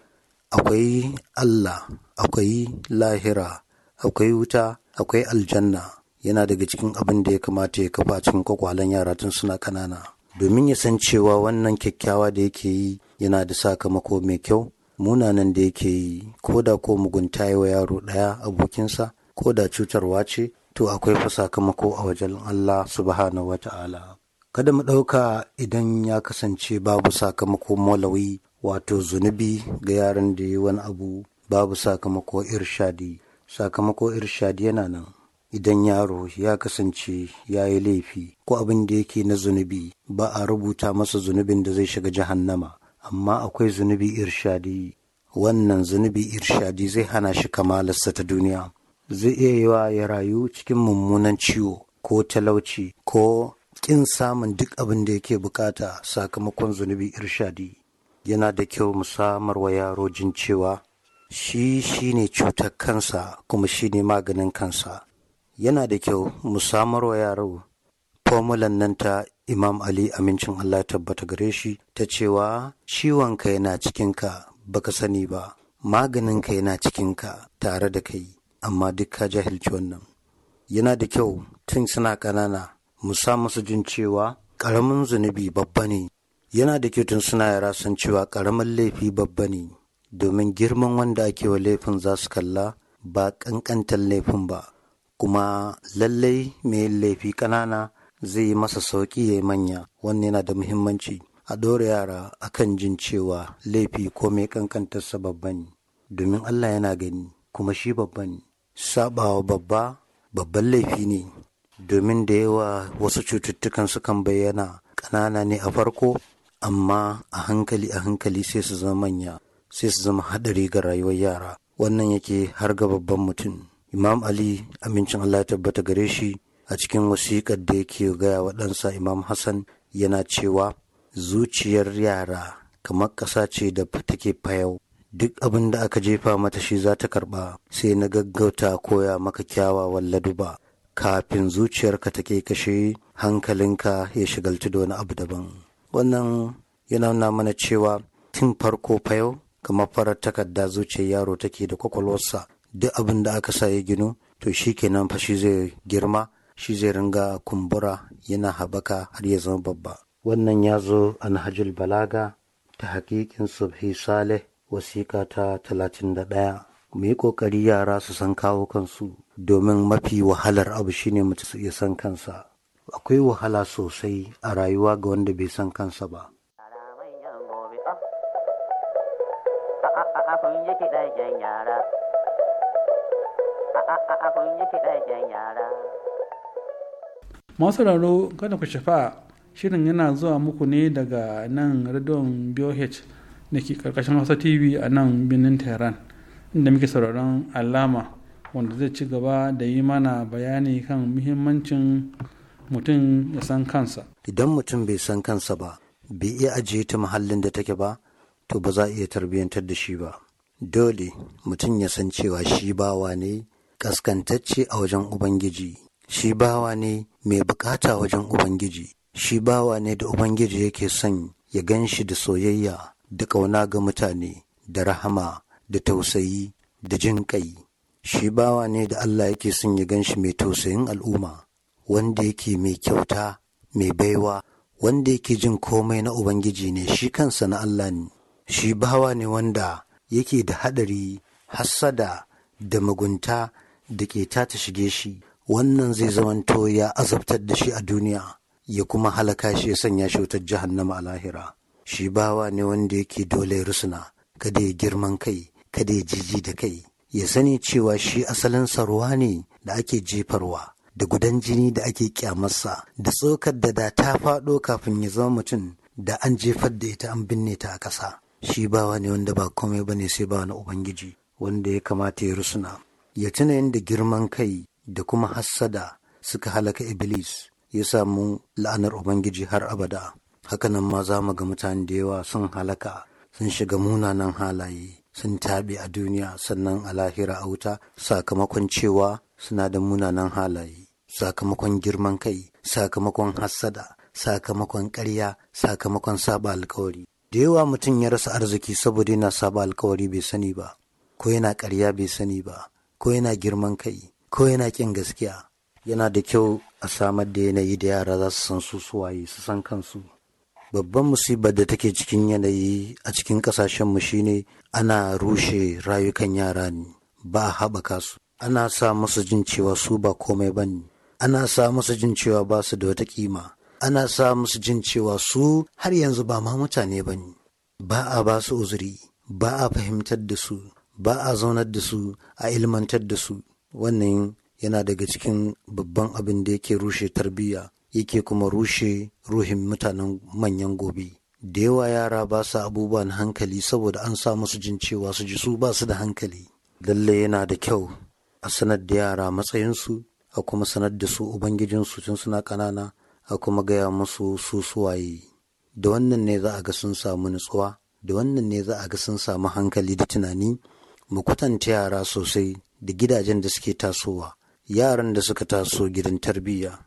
akwai Allah akwai lahira akwai wuta akwai aljanna yana daga cikin abin da ya kamata ya kafa cikin kwakwalen yara tun suna ƙanana domin ya san cewa wannan kyakkyawa da yake yi yana da sakamako mai kyau munanan da yake yi ko da ko mugunta yi wa yaro ɗaya abokinsa ko da cutarwa ce to akwai fa sakamako a wajen Allah subhanahu wata'ala kada mu ɗauka idan ya kasance babu sakamako malawi wato zunubi ga yaran da yi wani abu babu sakamako irshadi sakamako irshadi yana nan idan yaro ya kasance ya yi laifi ko abin da yake na zunubi ba a rubuta masa zunubin da zai shiga jahannama amma akwai zunubi irshadi wannan zunubi irshadi zai hana shi kamalarsa ta duniya zai iya wa ya rayu cikin mummunan ciwo ko talauci ko ƙin samun duk abin da yake bukata sakamakon zunubi irshadi yana da kyau mu samar wa yaro jin cewa shi shine cutar kansa kuma shi ne maganin kansa yana da kyau mu samar wa yaro fomulan nan ta Imam Ali amincin Allah tabbata gare shi ta cewa ciwon ka yana cikin ka baka sani ba maganin ka yana cikin ka, tare da kai amma duk ka jahilci wannan yana da kyau tun suna ƙanana mu sa musu jin cewa ƙaramin zunubi babba ne yana da kyau tun suna yara sun cewa karamin laifi babba ne domin girman wanda ake wa laifin za su kalla ba kankantar laifin ba kuma lallai mai laifi ƙanana zai yi masa sauƙi ya yi manya wannan yana da muhimmanci a ɗora yara akan jin cewa laifi ko mai sa babba ne domin Allah yana gani kuma shi babba ne saɓawa babba babban laifi ne domin da yawa wasu cututtukan sukan bayyana ƙanana ne a farko amma a hankali a hankali sai su zama manya sai su zama haɗari ga rayuwar yara wannan yake har ga babban mutum imam ali amincin allah ya tabbata gare shi a cikin wasiƙar da yake gaya wa ɗansa imam hassan yana cewa zuciyar yara kamar ƙasa ce da take fayau duk abin da aka jefa mata shi za ta karɓa sai na gaggauta koya maka kyawawan laduba kafin zuciyarka ta take kashe hankalinka ya shigalci da wani abu daban wannan yana nuna mana cewa tun farko fayau kamar farar takarda zuciyar yaro take da kwakwalwarsa duk abin da aka sa ya ginu to shi kenan fashi zai girma shi zai ringa kumbura yana haɓaka har ya zama babba wannan ya zo a nahajul balaga ta hakikin subhi saleh wasiƙa ta talatin da ɗaya mu yi ƙoƙari yara su san kawo kansu domin mafi wahalar abu shine mutum su san kansa akwai wahala sosai a rayuwa ga wanda bai san kansa ba yara masu sauraro kada ku shafa shirin yana zuwa muku ne daga nan radon BOH da ke karkashin Hausa TV a nan birnin Tehran inda muke sauraron alama wanda zai ci gaba da yi mana bayani kan muhimmancin mutum ya san kansa. Idan mutum bai san kansa ba, bai iya ajiye ta muhallin da take ba, to ba za a iya tarbiyyantar da shi ba. Dole mutum ya san cewa shi bawa ne, kaskantacce a wajen Ubangiji shi bawa ne mai bukata wajen Ubangiji, shi bawa ne da Ubangiji yake son ya gan shi da soyayya da ƙauna ga mutane da rahama da tausayi da jin ƙai. Shi bawa ne da Allah yake son ya gan shi mai tausayin al'umma, wanda yake mai kyauta, mai baiwa, wanda yake jin komai na Ubangiji ne shi kansa na Allah ne. Shi bawa ne wanda yake da haɗari, hassada da mugunta da ƙeta ta shige shi. wannan zai zamanto ya azabtar da shi a duniya ya kuma halaka shi ya sanya shi wutar jahannama a lahira shi bawa ne wanda yake dole rusuna kada ya girman kai kada ya jiji da kai ya sani cewa shi asalin sarwa ne da ake jefarwa da gudan jini da ake kyamarsa da tsokar da da ta faɗo kafin ya zama mutum da an jefar da ita an binne ta a ƙasa shi bawa ne wanda ba komai ba ne sai ba na ubangiji wanda ya kamata ya rusuna ya tuna yin da girman kai da kuma hassada suka halaka Iblis ya samu la'anar Ubangiji har abada. Hakanan ma za mu ga mutane da yawa sun halaka, sun shiga munanan halaye, sun taɓe a duniya sannan a lahira a wuta sakamakon cewa suna da munanan halaye, sakamakon girman kai, sakamakon hassada, sakamakon ƙarya, sakamakon saba alkawari. Da yawa mutum ya rasa arziki saboda yana saba alkawari bai sani ba, ko yana ƙarya bai sani ba, ko yana girman kai, ko yana ƙin gaskiya yana da kyau a samar da yanayi da yara za su san su suwaye su san kansu babban musibar da take cikin yanayi a cikin ƙasashenmu shine ana rushe rayukan yara ne ba a haɓaka su ana sa musu jin cewa su ba komai ba ne ana sa musu jin cewa ba su da wata kima ana sa musu jin cewa su har yanzu ba ma mutane ba ne ba a ba su uzuri ba a fahimtar da su ba a zaunar da su a ilmantar da su wannan yana daga cikin babban abin da yake rushe tarbiyya yake kuma rushe ruhin mutanen manyan gobe da yawa yara ba su abubuwan hankali saboda an sa musu jin cewa su ji su ba su da hankali lalle yana da kyau a sanar da yara matsayinsu a kuma sanar da su ubangijinsu tun suna ƙanana a kuma gaya musu su suwaye da wannan ne za a ga sun samu nutsuwa da wannan ne za a ga sun samu hankali da tunani mu kwatanta yara sosai da gidajen da suke tasowa yaran da suka taso gidan tarbiyya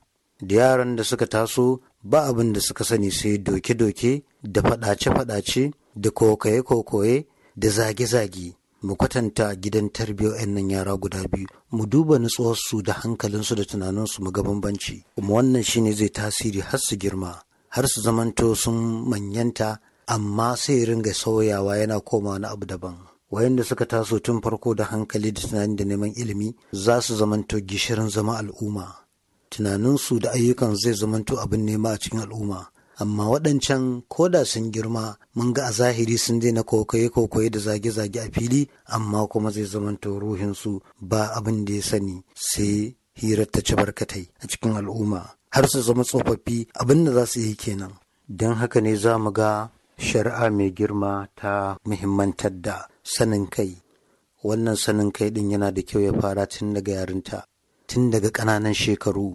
da yaran da suka taso ba abin da suka sani sai doke-doke da faɗace-faɗace da kokaye-kokoye da zage-zage mu kwatanta gidan tarbiyyar 'yan nan yara guda biyu mu duba nutsuwarsu da hankalinsu da tunaninsu mu ga bambanci kuma wannan shine zai tasiri har su girma har su zamanto sun manyanta amma sai ringa sauyawa yana koma wani abu daban wayanda suka taso tun farko da hankali da tunanin da neman ilimi za su zamanto gishirin zama al'umma tunaninsu da ayyukan zai zamanto abin nema a cikin al'umma amma waɗancan ko da sun girma mun ga a zahiri sun daina kokaye-kokaye da zage-zage a fili amma kuma zai zamanto ruhinsu ba abin da ya sani sai hira ta ci barkatai a cikin al'umma har su zama tsofaffi abin da za su yi kenan don haka ne za mu ga shari'a mai girma ta muhimmantar da sanin kai wannan sanin kai din yana da kyau ya fara tun daga yarinta tun daga ƙananan shekaru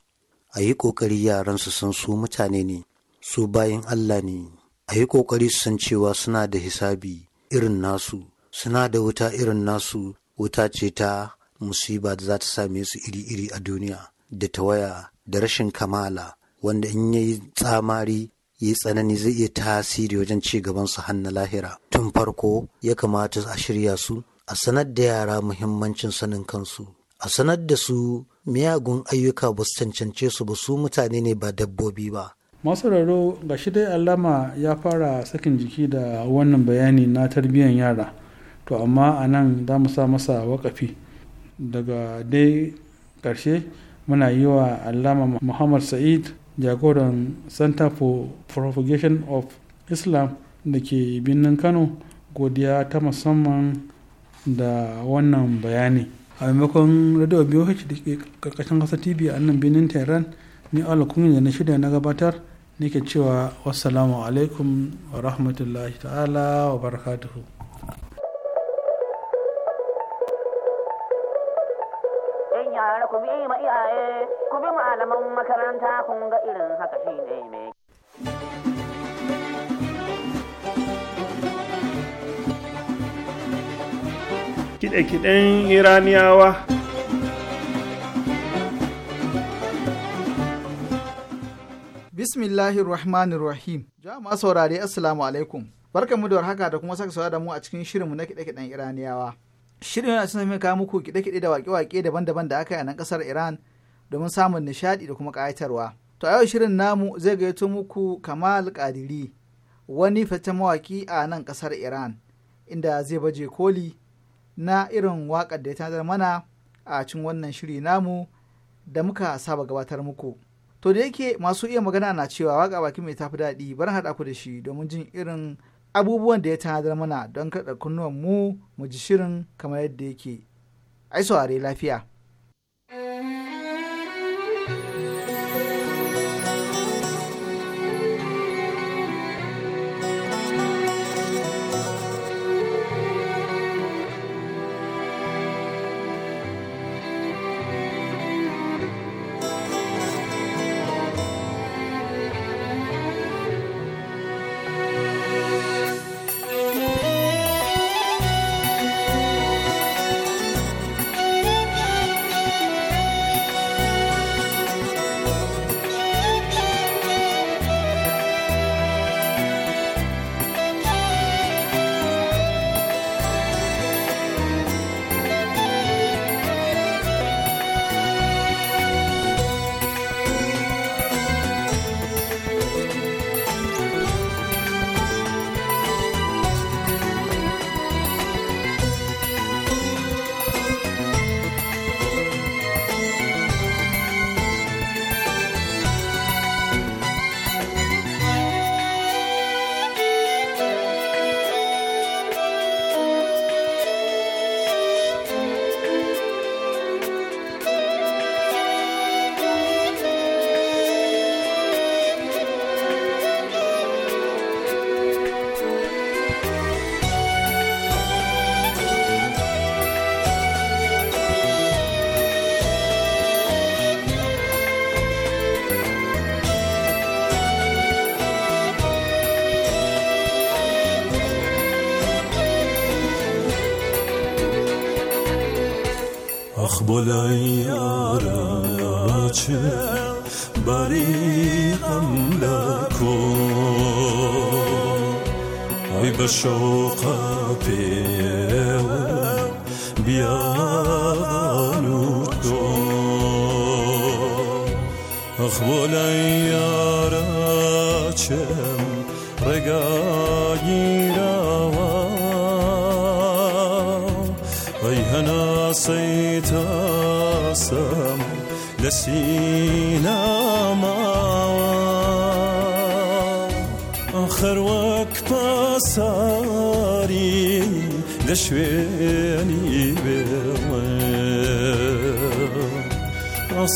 a yi ƙoƙari yaran su san su mutane ne su bayan Allah ne a yi ƙoƙari su san cewa suna da hisabi irin nasu suna da wuta irin nasu wuta ce ta musiba da za ta same su iri-iri a duniya da tawaya da rashin kamala wanda in yayi tsamari yi tsanani zai iya tasiri wajen ci gaban su hannu lahira tun farko ya kamata a shirya su a sanar da yara muhimmancin sanin kansu a sanar da su miyagun ayyuka ba su cancance su ba su mutane ne ba dabbobi ba masu raro ga shi dai alama ya fara sakin jiki da wannan bayani na tarbiyyar yara to amma a nan za mu sa masa wakafi daga dai ƙarshe muna yi wa alama muhammad sa'id jagoran center for propagation of islam da ke birnin kano godiya ta musamman da wannan bayani a maimakon radio boh da ke karkashin kasa tv a nan birnin tehran ni alakunin da na shida na gabatar nake cewa wassalamu alaikum wa rahmatullahi ta'ala wa barakatuhu ku bi ma iyaye ku bi malaman makaranta kun ga irin haka ne me kiɗe-kiɗen iraniyawa bismillahir rahmanir rahim jama'a saurare assalamu alaikum barkanmu da warhaka da kuma saka da mu a cikin shirinmu na kiɗe-kiɗen iraniyawa shirin yana mai kawo muku kiɗe-kiɗe da waƙe-waƙe daban-daban da aka yi a nan ƙasar Iran domin samun nishaɗi da kuma ƙayatarwa. To a yau shirin namu zai gayyato muku Kamal Kadiri wani fitaccen mawaki a nan ƙasar Iran inda zai baje koli na irin waƙar da ya tanadar mana a cikin wannan shiri namu da muka saba gabatar muku. To da yake masu iya magana na cewa waƙa baki mai tafi daɗi bar haɗa ku da shi domin jin irin abubuwan da ya tanadar mana don kaɗa kunnuwan mu mu ji shirin kamar yadda yake ai saurare lafiya خدای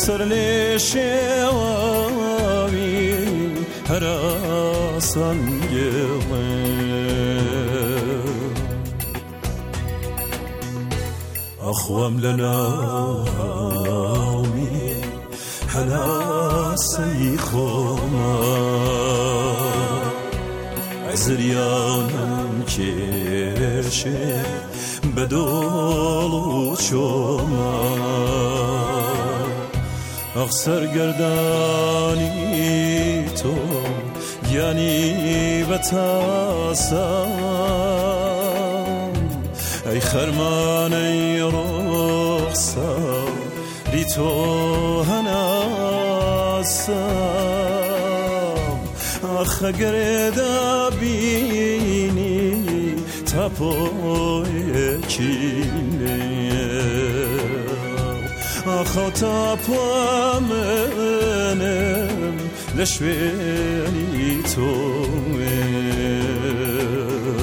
سر نشوامی هر ئەخوام أخوام لنا هاومي هلا سيخوما عزريانم كيشه بدول آخ سرگردانی تو یعنی بتاسم ای خرمان ای رخصم بی تو هناسم آخ اگر دبینی hota plamenem leshveni tomem.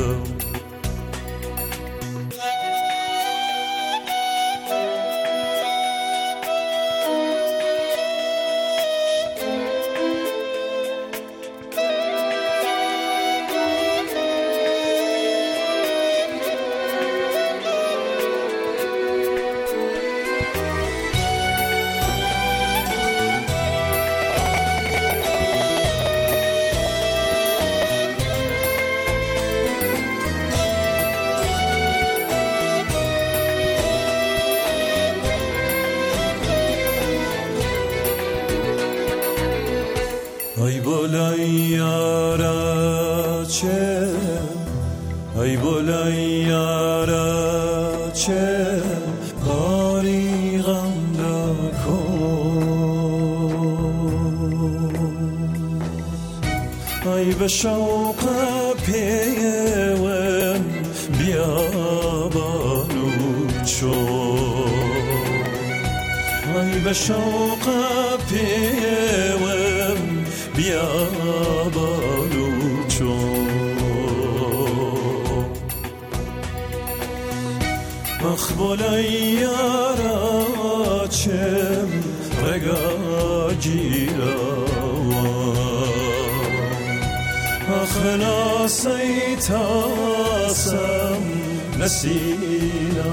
بشوق پیوم بیابانو چو ای بشوق تاسم نسينا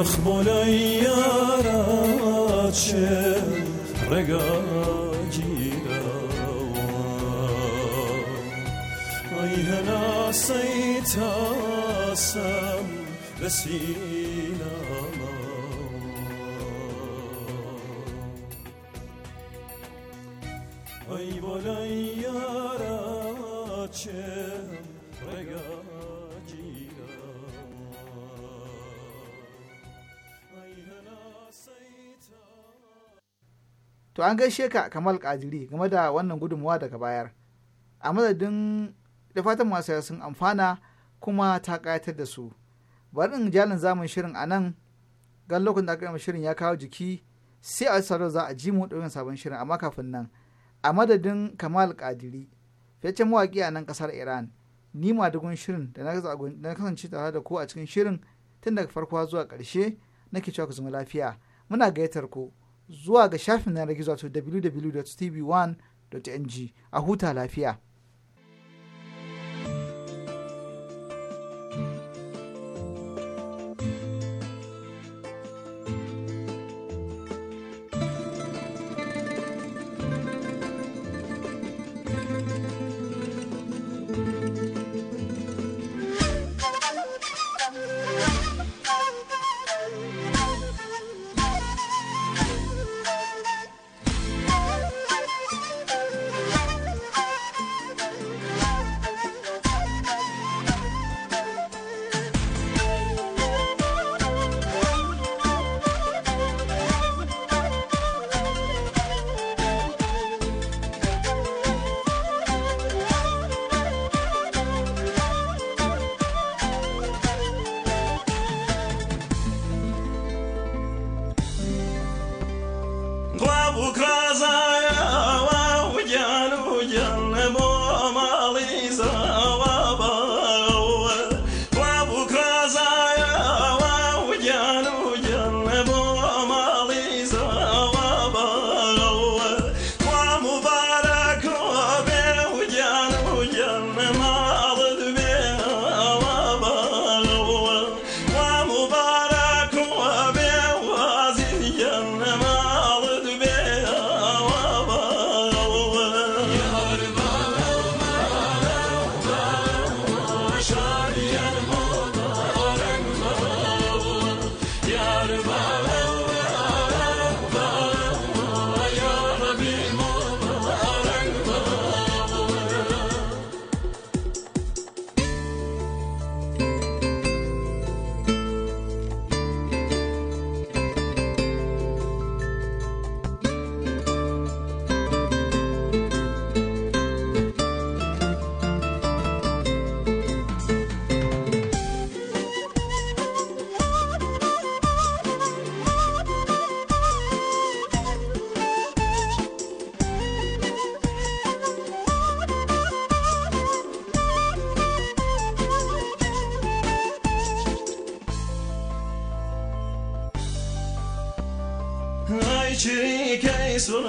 اخ بولايارا چه رگا هنا سیتاسم رسینا to an gaishe ka kamal kadiri game da wannan gudunmawa daga bayar a madadin da fatan masu sun amfana kuma ta kayatar da su bari in jalin zamun shirin a nan gan lokacin da aka shirin ya kawo jiki sai a tsaro za a ji mu ɗaurin sabon shirin amma kafin nan a madadin kamal kadiri fiyacce mawaƙi a nan ƙasar iran ni ma dugun shirin da na kasance tare da ku a cikin shirin tun daga farko zuwa ƙarshe nake cewa ku zama lafiya muna gayyatar ku zuwa ga shafin yanar gizo wato www.tv1.ng a huta lafiya. Jesus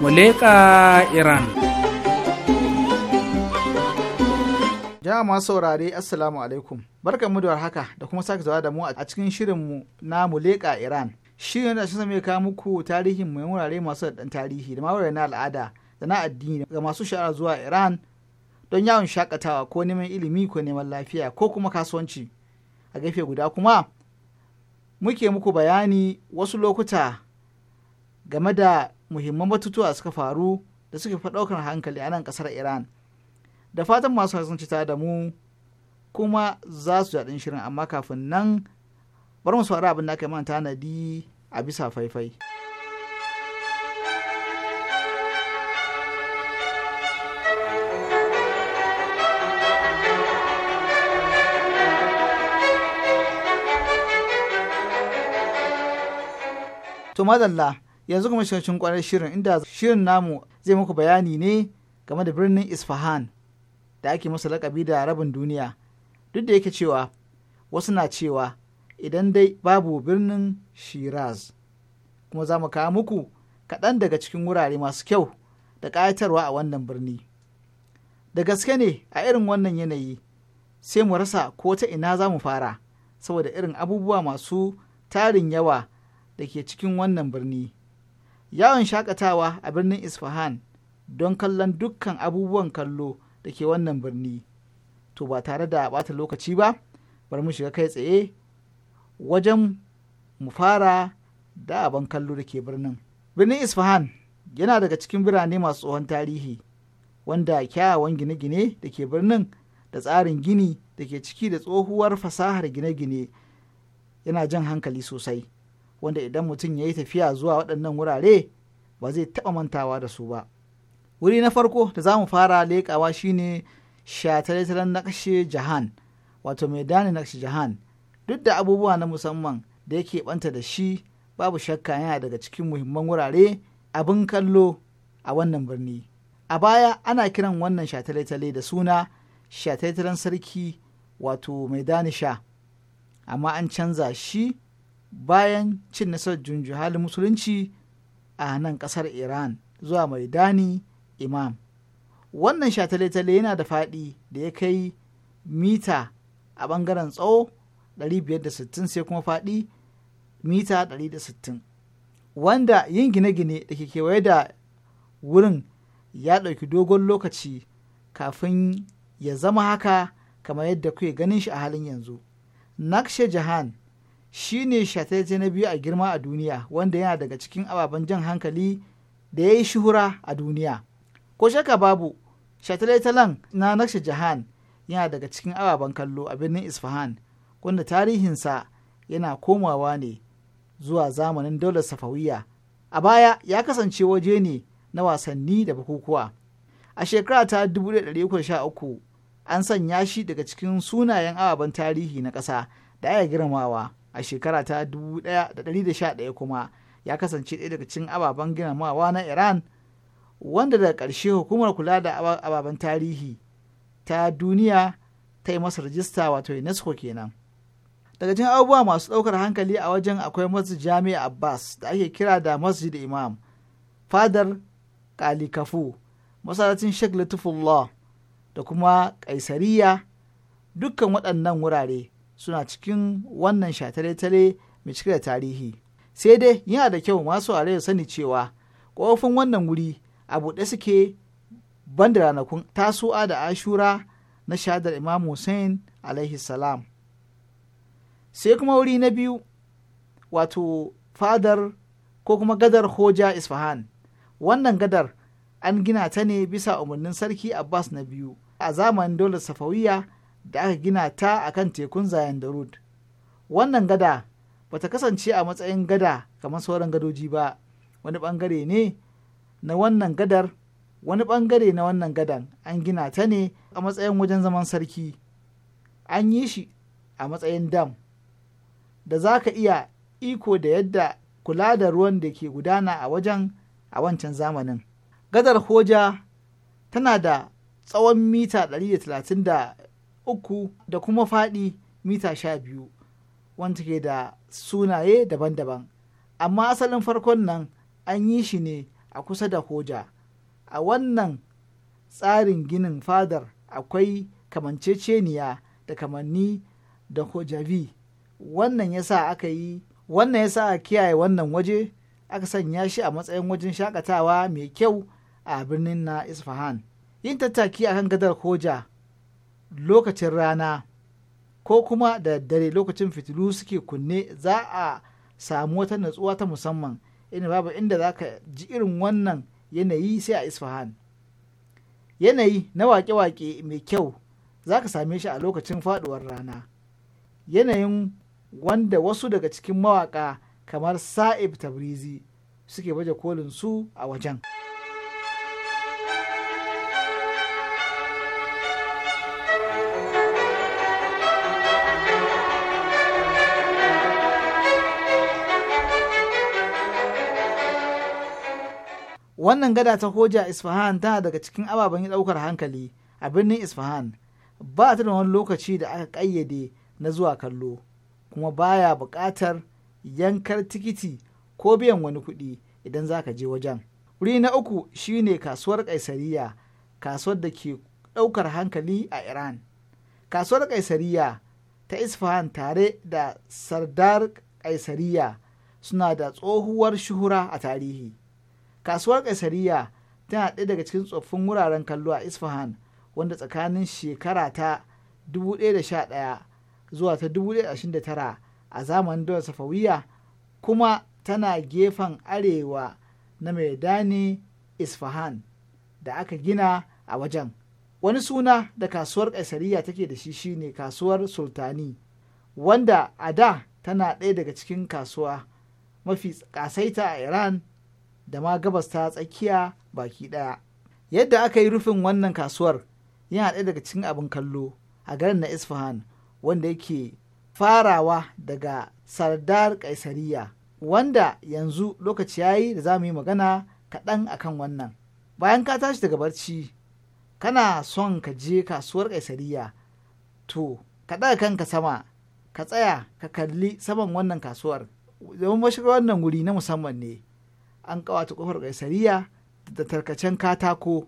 mu leƙa Iran. Jama'a masu saurare Assalamu alaikum. mu da haka da kuma sake zuwa da mu a cikin shirin mu na Muleka Iran. Shirin da shi ya kawo muku tarihin mai wurare masu da tarihi da mawurare na al'ada da na addini ga masu sha'ar zuwa Iran don yawon shakatawa ko neman ilimi ko neman lafiya ko kuma kasuwanci. A gefe guda kuma muke muku bayani wasu lokuta game da muhimman batutuwa suka faru da suka fi ɗaukar hankali a nan ƙasar iran da fatan masu sun cita da mu kuma za su jaɗin shirin amma kafin nan bar mu saurari abin da aka yi mana tanadi a bisa faifai. To madalla yanzu kuma shirin kwanar shirin inda shirin namu zai muku bayani ne game da birnin isfahan da ake masa lakabi da rabin duniya duk da yake cewa wasu na cewa idan dai babu birnin shiraz kuma za mu kawo muku kaɗan daga cikin wurare masu kyau da ƙayatarwa a wannan birni da gaske ne a irin wannan yanayi sai mu rasa ko ta ina za mu fara saboda irin abubuwa masu tarin yawa da ke cikin wannan birni yawon shakatawa a birnin isfahan don kallon dukkan abubuwan kallo da ke wannan birni to ba tare da bata lokaci ba bari mu shiga kai tsaye wajen mu fara da abin kallo da ke birnin birnin isfahan yana daga cikin birane masu tsohon tarihi wanda kyawawan gine-gine da ke birnin da tsarin gini da ke ciki da tsohuwar fasahar gine-gine yana jan hankali sosai wanda idan mutum ya yi tafiya zuwa waɗannan wurare ba zai taɓa mantawa da su ba wuri na farko da za mu fara leƙawa shine shataletaren nakashe jahan wato mai nakashe jahan duk da abubuwa na musamman da yake ɓanta da shi babu shakka yana daga cikin muhimman wurare abin kallo a wannan birni a baya ana kiran wannan shataletale da suna shataletaren sarki wato maidani sha amma an canza shi bayan cin nasarar junju halin musulunci a nan kasar iran zuwa mai dani imam wannan shatale-tale yana da faɗi da ya kai mita a bangaren tsawo 560 sai kuma faɗi mita 160 wanda yin gine-gine da ke kewaye da wurin ya ɗauki dogon lokaci kafin ya zama haka kamar yadda kuke ganin shi a halin yanzu. Nakshe Jahan shi ne shataje na biyu a girma a duniya wanda yana daga cikin ababen jan hankali da ya yi shuhura a duniya ko shaka babu shataletalen na naksha jahan yana daga cikin ababen kallo a birnin isfahan wanda tarihinsa yana komawa ne zuwa zamanin daular safawiya a baya ya kasance waje ne na wasanni da bukukuwa a shekara ta 1913 an sanya shi daga cikin sunayen ababen tarihi na ƙasa da aya girmawa a shekara ta 1911 kuma ya kasance ɗaya daga cin ababen ginamawa na iran wanda daga ƙarshe hukumar kula da ababen tarihi ta duniya ta yi masa rajista wato unesco kenan daga cikin abubuwa masu ɗaukar hankali a wajen akwai masu jami'a abbas da ake kira da masjid imam fadar kalikafu masallacin sheikh latifullah da kuma kaisariya dukkan waɗannan wurare suna cikin wannan shatare-tare mai cike da tarihi sai dai yana da kyau masu are sani cewa ƙofofin wannan wuri a buɗe suke banda ranakun tasu'a da ashura na shadar imam hussein alaihi salam sai kuma wuri na biyu wato fadar ko kuma gadar hoja isfahan wannan gadar an gina ta ne bisa umarnin sarki abbas na biyu a zamanin dole safawiya da aka gina ta a kan tekun zayan darud wannan gada ba ta kasance a matsayin gada kamar sauran gadoji ba wani bangare ne na wannan gadar wani bangare na wannan gadan an gina ta ne a matsayin wajen zaman sarki an yi shi a matsayin dam da za ka iya iko da yadda kula da ruwan da ke gudana a wajen a wancan zamanin gadar hoja tana da tsawon mita da. uku da kuma faɗi mita sha biyu wanda ke da sunaye daban-daban amma asalin farkon nan an yi shi ne a kusa da hoja a wannan tsarin ginin fadar akwai kamanceceniya da kamanni da hojavi wannan yasa aka yi wannan sa a kiyaye wannan waje aka sanya shi a matsayin wajen shakatawa mai kyau a birnin na isfahan yin tattaki a kan gadar hoja lokacin rana ko kuma da dare lokacin fitilu suke kunne za a samu wata natsuwa ta musamman ina babu inda za ka ji irin wannan yanayi sai a isfahan yanayi na wake-wake mai kyau za ka same shi a lokacin faduwar rana yanayin wanda wasu daga cikin mawaka kamar sa'ib tabrizi suke baje kolin su a wajen. wannan gada ta hoja isfahan tana daga cikin ababen ɗaukar hankali a birnin isfahan ba ta da wani lokaci da aka ƙayyade na zuwa kallo kuma baya buƙatar yankar tikiti ko biyan wani kuɗi idan za ka je wajen wuri na uku shine kasuwar kaisariya kasuwar da ke ɗaukar hankali a iran kasuwar kaisariya ta isfahan tare da sardar kaisariya suna da tsohuwar shuhura a tarihi kasuwar kaisariya tana ɗaya daga cikin tsoffin wuraren kallo a isfahan wanda tsakanin shekara ta 1011 zuwa ta 1029 a zamanin dole safawiya kuma tana gefen arewa na maidani isfahan da aka gina a wajen wani suna da kasuwar kaisariya take da shi shine kasuwar sultani wanda a da tana ɗaya daga cikin kasuwa mafi kasaita a iran da ma gabas ta tsakiya baki ɗaya. Yadda aka yi rufin wannan kasuwar yana ɗaya daga cikin abin kallo a garin na Isfahan wanda yake farawa daga Sardar Kaisariya wanda yanzu lokaci ya yi da za mu yi magana kaɗan akan wannan. Bayan ka tashi daga barci kana son ka je kasuwar Kaisariya to ka ɗaga kanka sama ka tsaya ka kalli saman wannan kasuwar domin mashigar wannan wuri na musamman ne. an kawata kofar gaisariya da tarkacen katako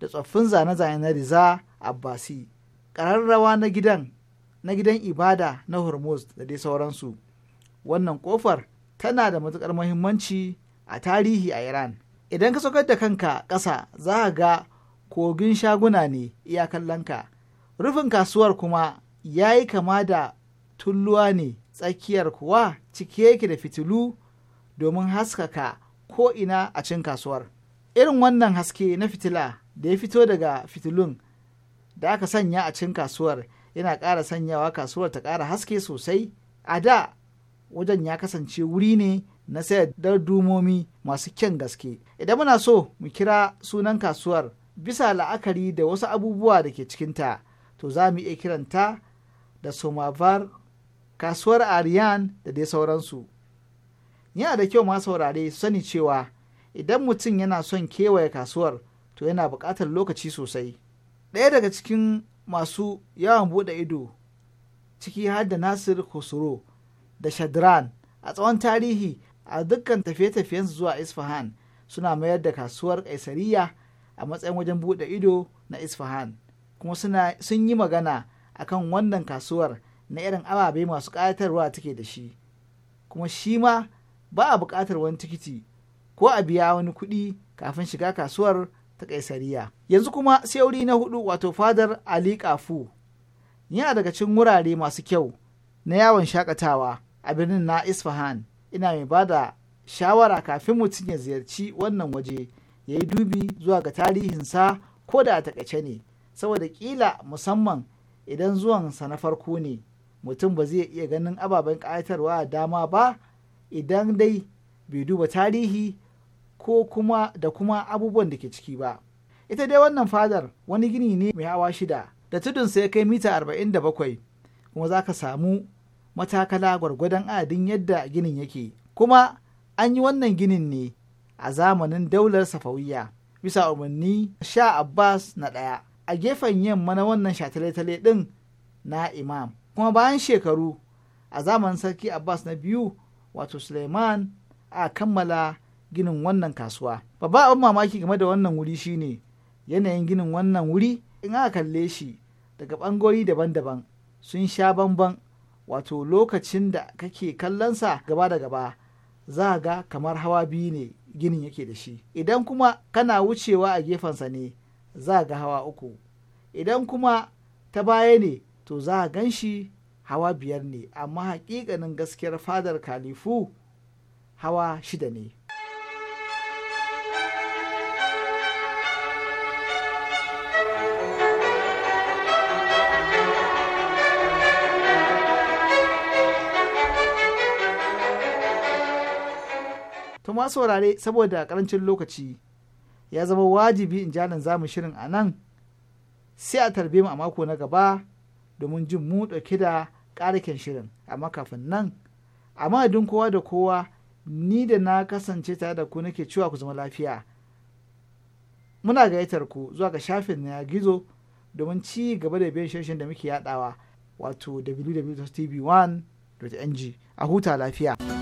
da tsoffin zane-zane na riza abbasi ƙararrawa na gidan na gidan ibada na hormuz da dai sauransu wannan kofar tana da matuƙar muhimmanci a tarihi a iran idan ka saukar da kanka ƙasa za a ga kogin shaguna ne iyakallanka, rufin kasuwar kuma ya yi kama da tulluwa ne tsakiyar kuwa cike yake da fitilu domin haskaka ko'ina a cin kasuwar irin wannan haske na fitila da ya fito daga fitilun da aka sanya a cin kasuwar yana ƙara sanyawa kasuwar ta ƙara haske sosai a da wajen ya kasance wuri ne na sayar dumomi masu kyan gaske idan muna so mu kira sunan kasuwar bisa la'akari da wasu abubuwa da ke cikinta to za mu iya kiranta da somavar kasuwar ariyan da dai sauransu yana da kyau masu saurare su sani cewa idan mutum yana son kewaye kasuwar to yana buƙatar lokaci sosai ɗaya daga cikin masu yawan buɗe ido ciki har da nasir Kusro da shadran a tsawon tarihi a dukkan tafiye-tafiyen zuwa isfahan suna mayar da kasuwar kaisariya a matsayin wajen buɗe ido na isfahan kuma sun yi magana akan wannan kasuwar na irin ababe masu ƙayatarwa take da shi kuma shi ma ba a buƙatar wani tikiti ko a biya wani kuɗi kafin shiga kasuwar ta ƙaisariya. Yanzu kuma sai na hudu wato fadar Ali Kafu. Yana daga cikin wurare masu kyau na yawon shakatawa a birnin na Isfahan. Ina mai ba da shawara kafin mutum ya ziyarci wannan waje ya yi dubi zuwa ga tarihinsa ko da a takaice ne. Saboda ƙila musamman idan zuwansa na farko ne mutum ba zai iya ganin ababen ƙayatarwa dama ba idan dai bai duba tarihi ko kuma da kuma abubuwan da ke ciki ba ita dai wannan fadar wani gini ne mai hawa shida da tudun sai kai mita arba'in da bakwai kuma za ka samu matakala gwargwadon adin yadda ginin yake kuma an yi wannan ginin ne a zamanin daular safawiya bisa umarni sha abbas na ɗaya a gefen yamma na wannan tale-tale ɗin na imam kuma bayan shekaru a zamanin sarki abbas na biyu wato suleiman a kammala ginin wannan kasuwa babba abin mamaki game da wannan wuri shine yanayin ginin wannan wuri in aka kalle shi daga bangori daban-daban sun sha bamban wato lokacin da kake kallonsa gaba da gaba za ga kamar hawa biyu ne ginin yake da shi idan kuma kana wucewa a gefensa ne za ga hawa uku idan kuma ta baya ne to za a gan shi hawa biyar ne amma hakikanin gaskiyar fadar kalifu hawa shida ne to saurare saboda karancin lokaci ya zama wajibi in jalan zamu shirin a nan sai a tarbe mu a mako na gaba domin jin mu dauke da ƙarikin shirin amma kafin nan a madadin kowa da kowa ni da na kasance tare da ku nake cewa ku zama lafiya muna gayyatar ku zuwa ga shafin na gizo domin ci gaba da biyan shirin da muke yadawa wato www.tv1.ng a huta lafiya.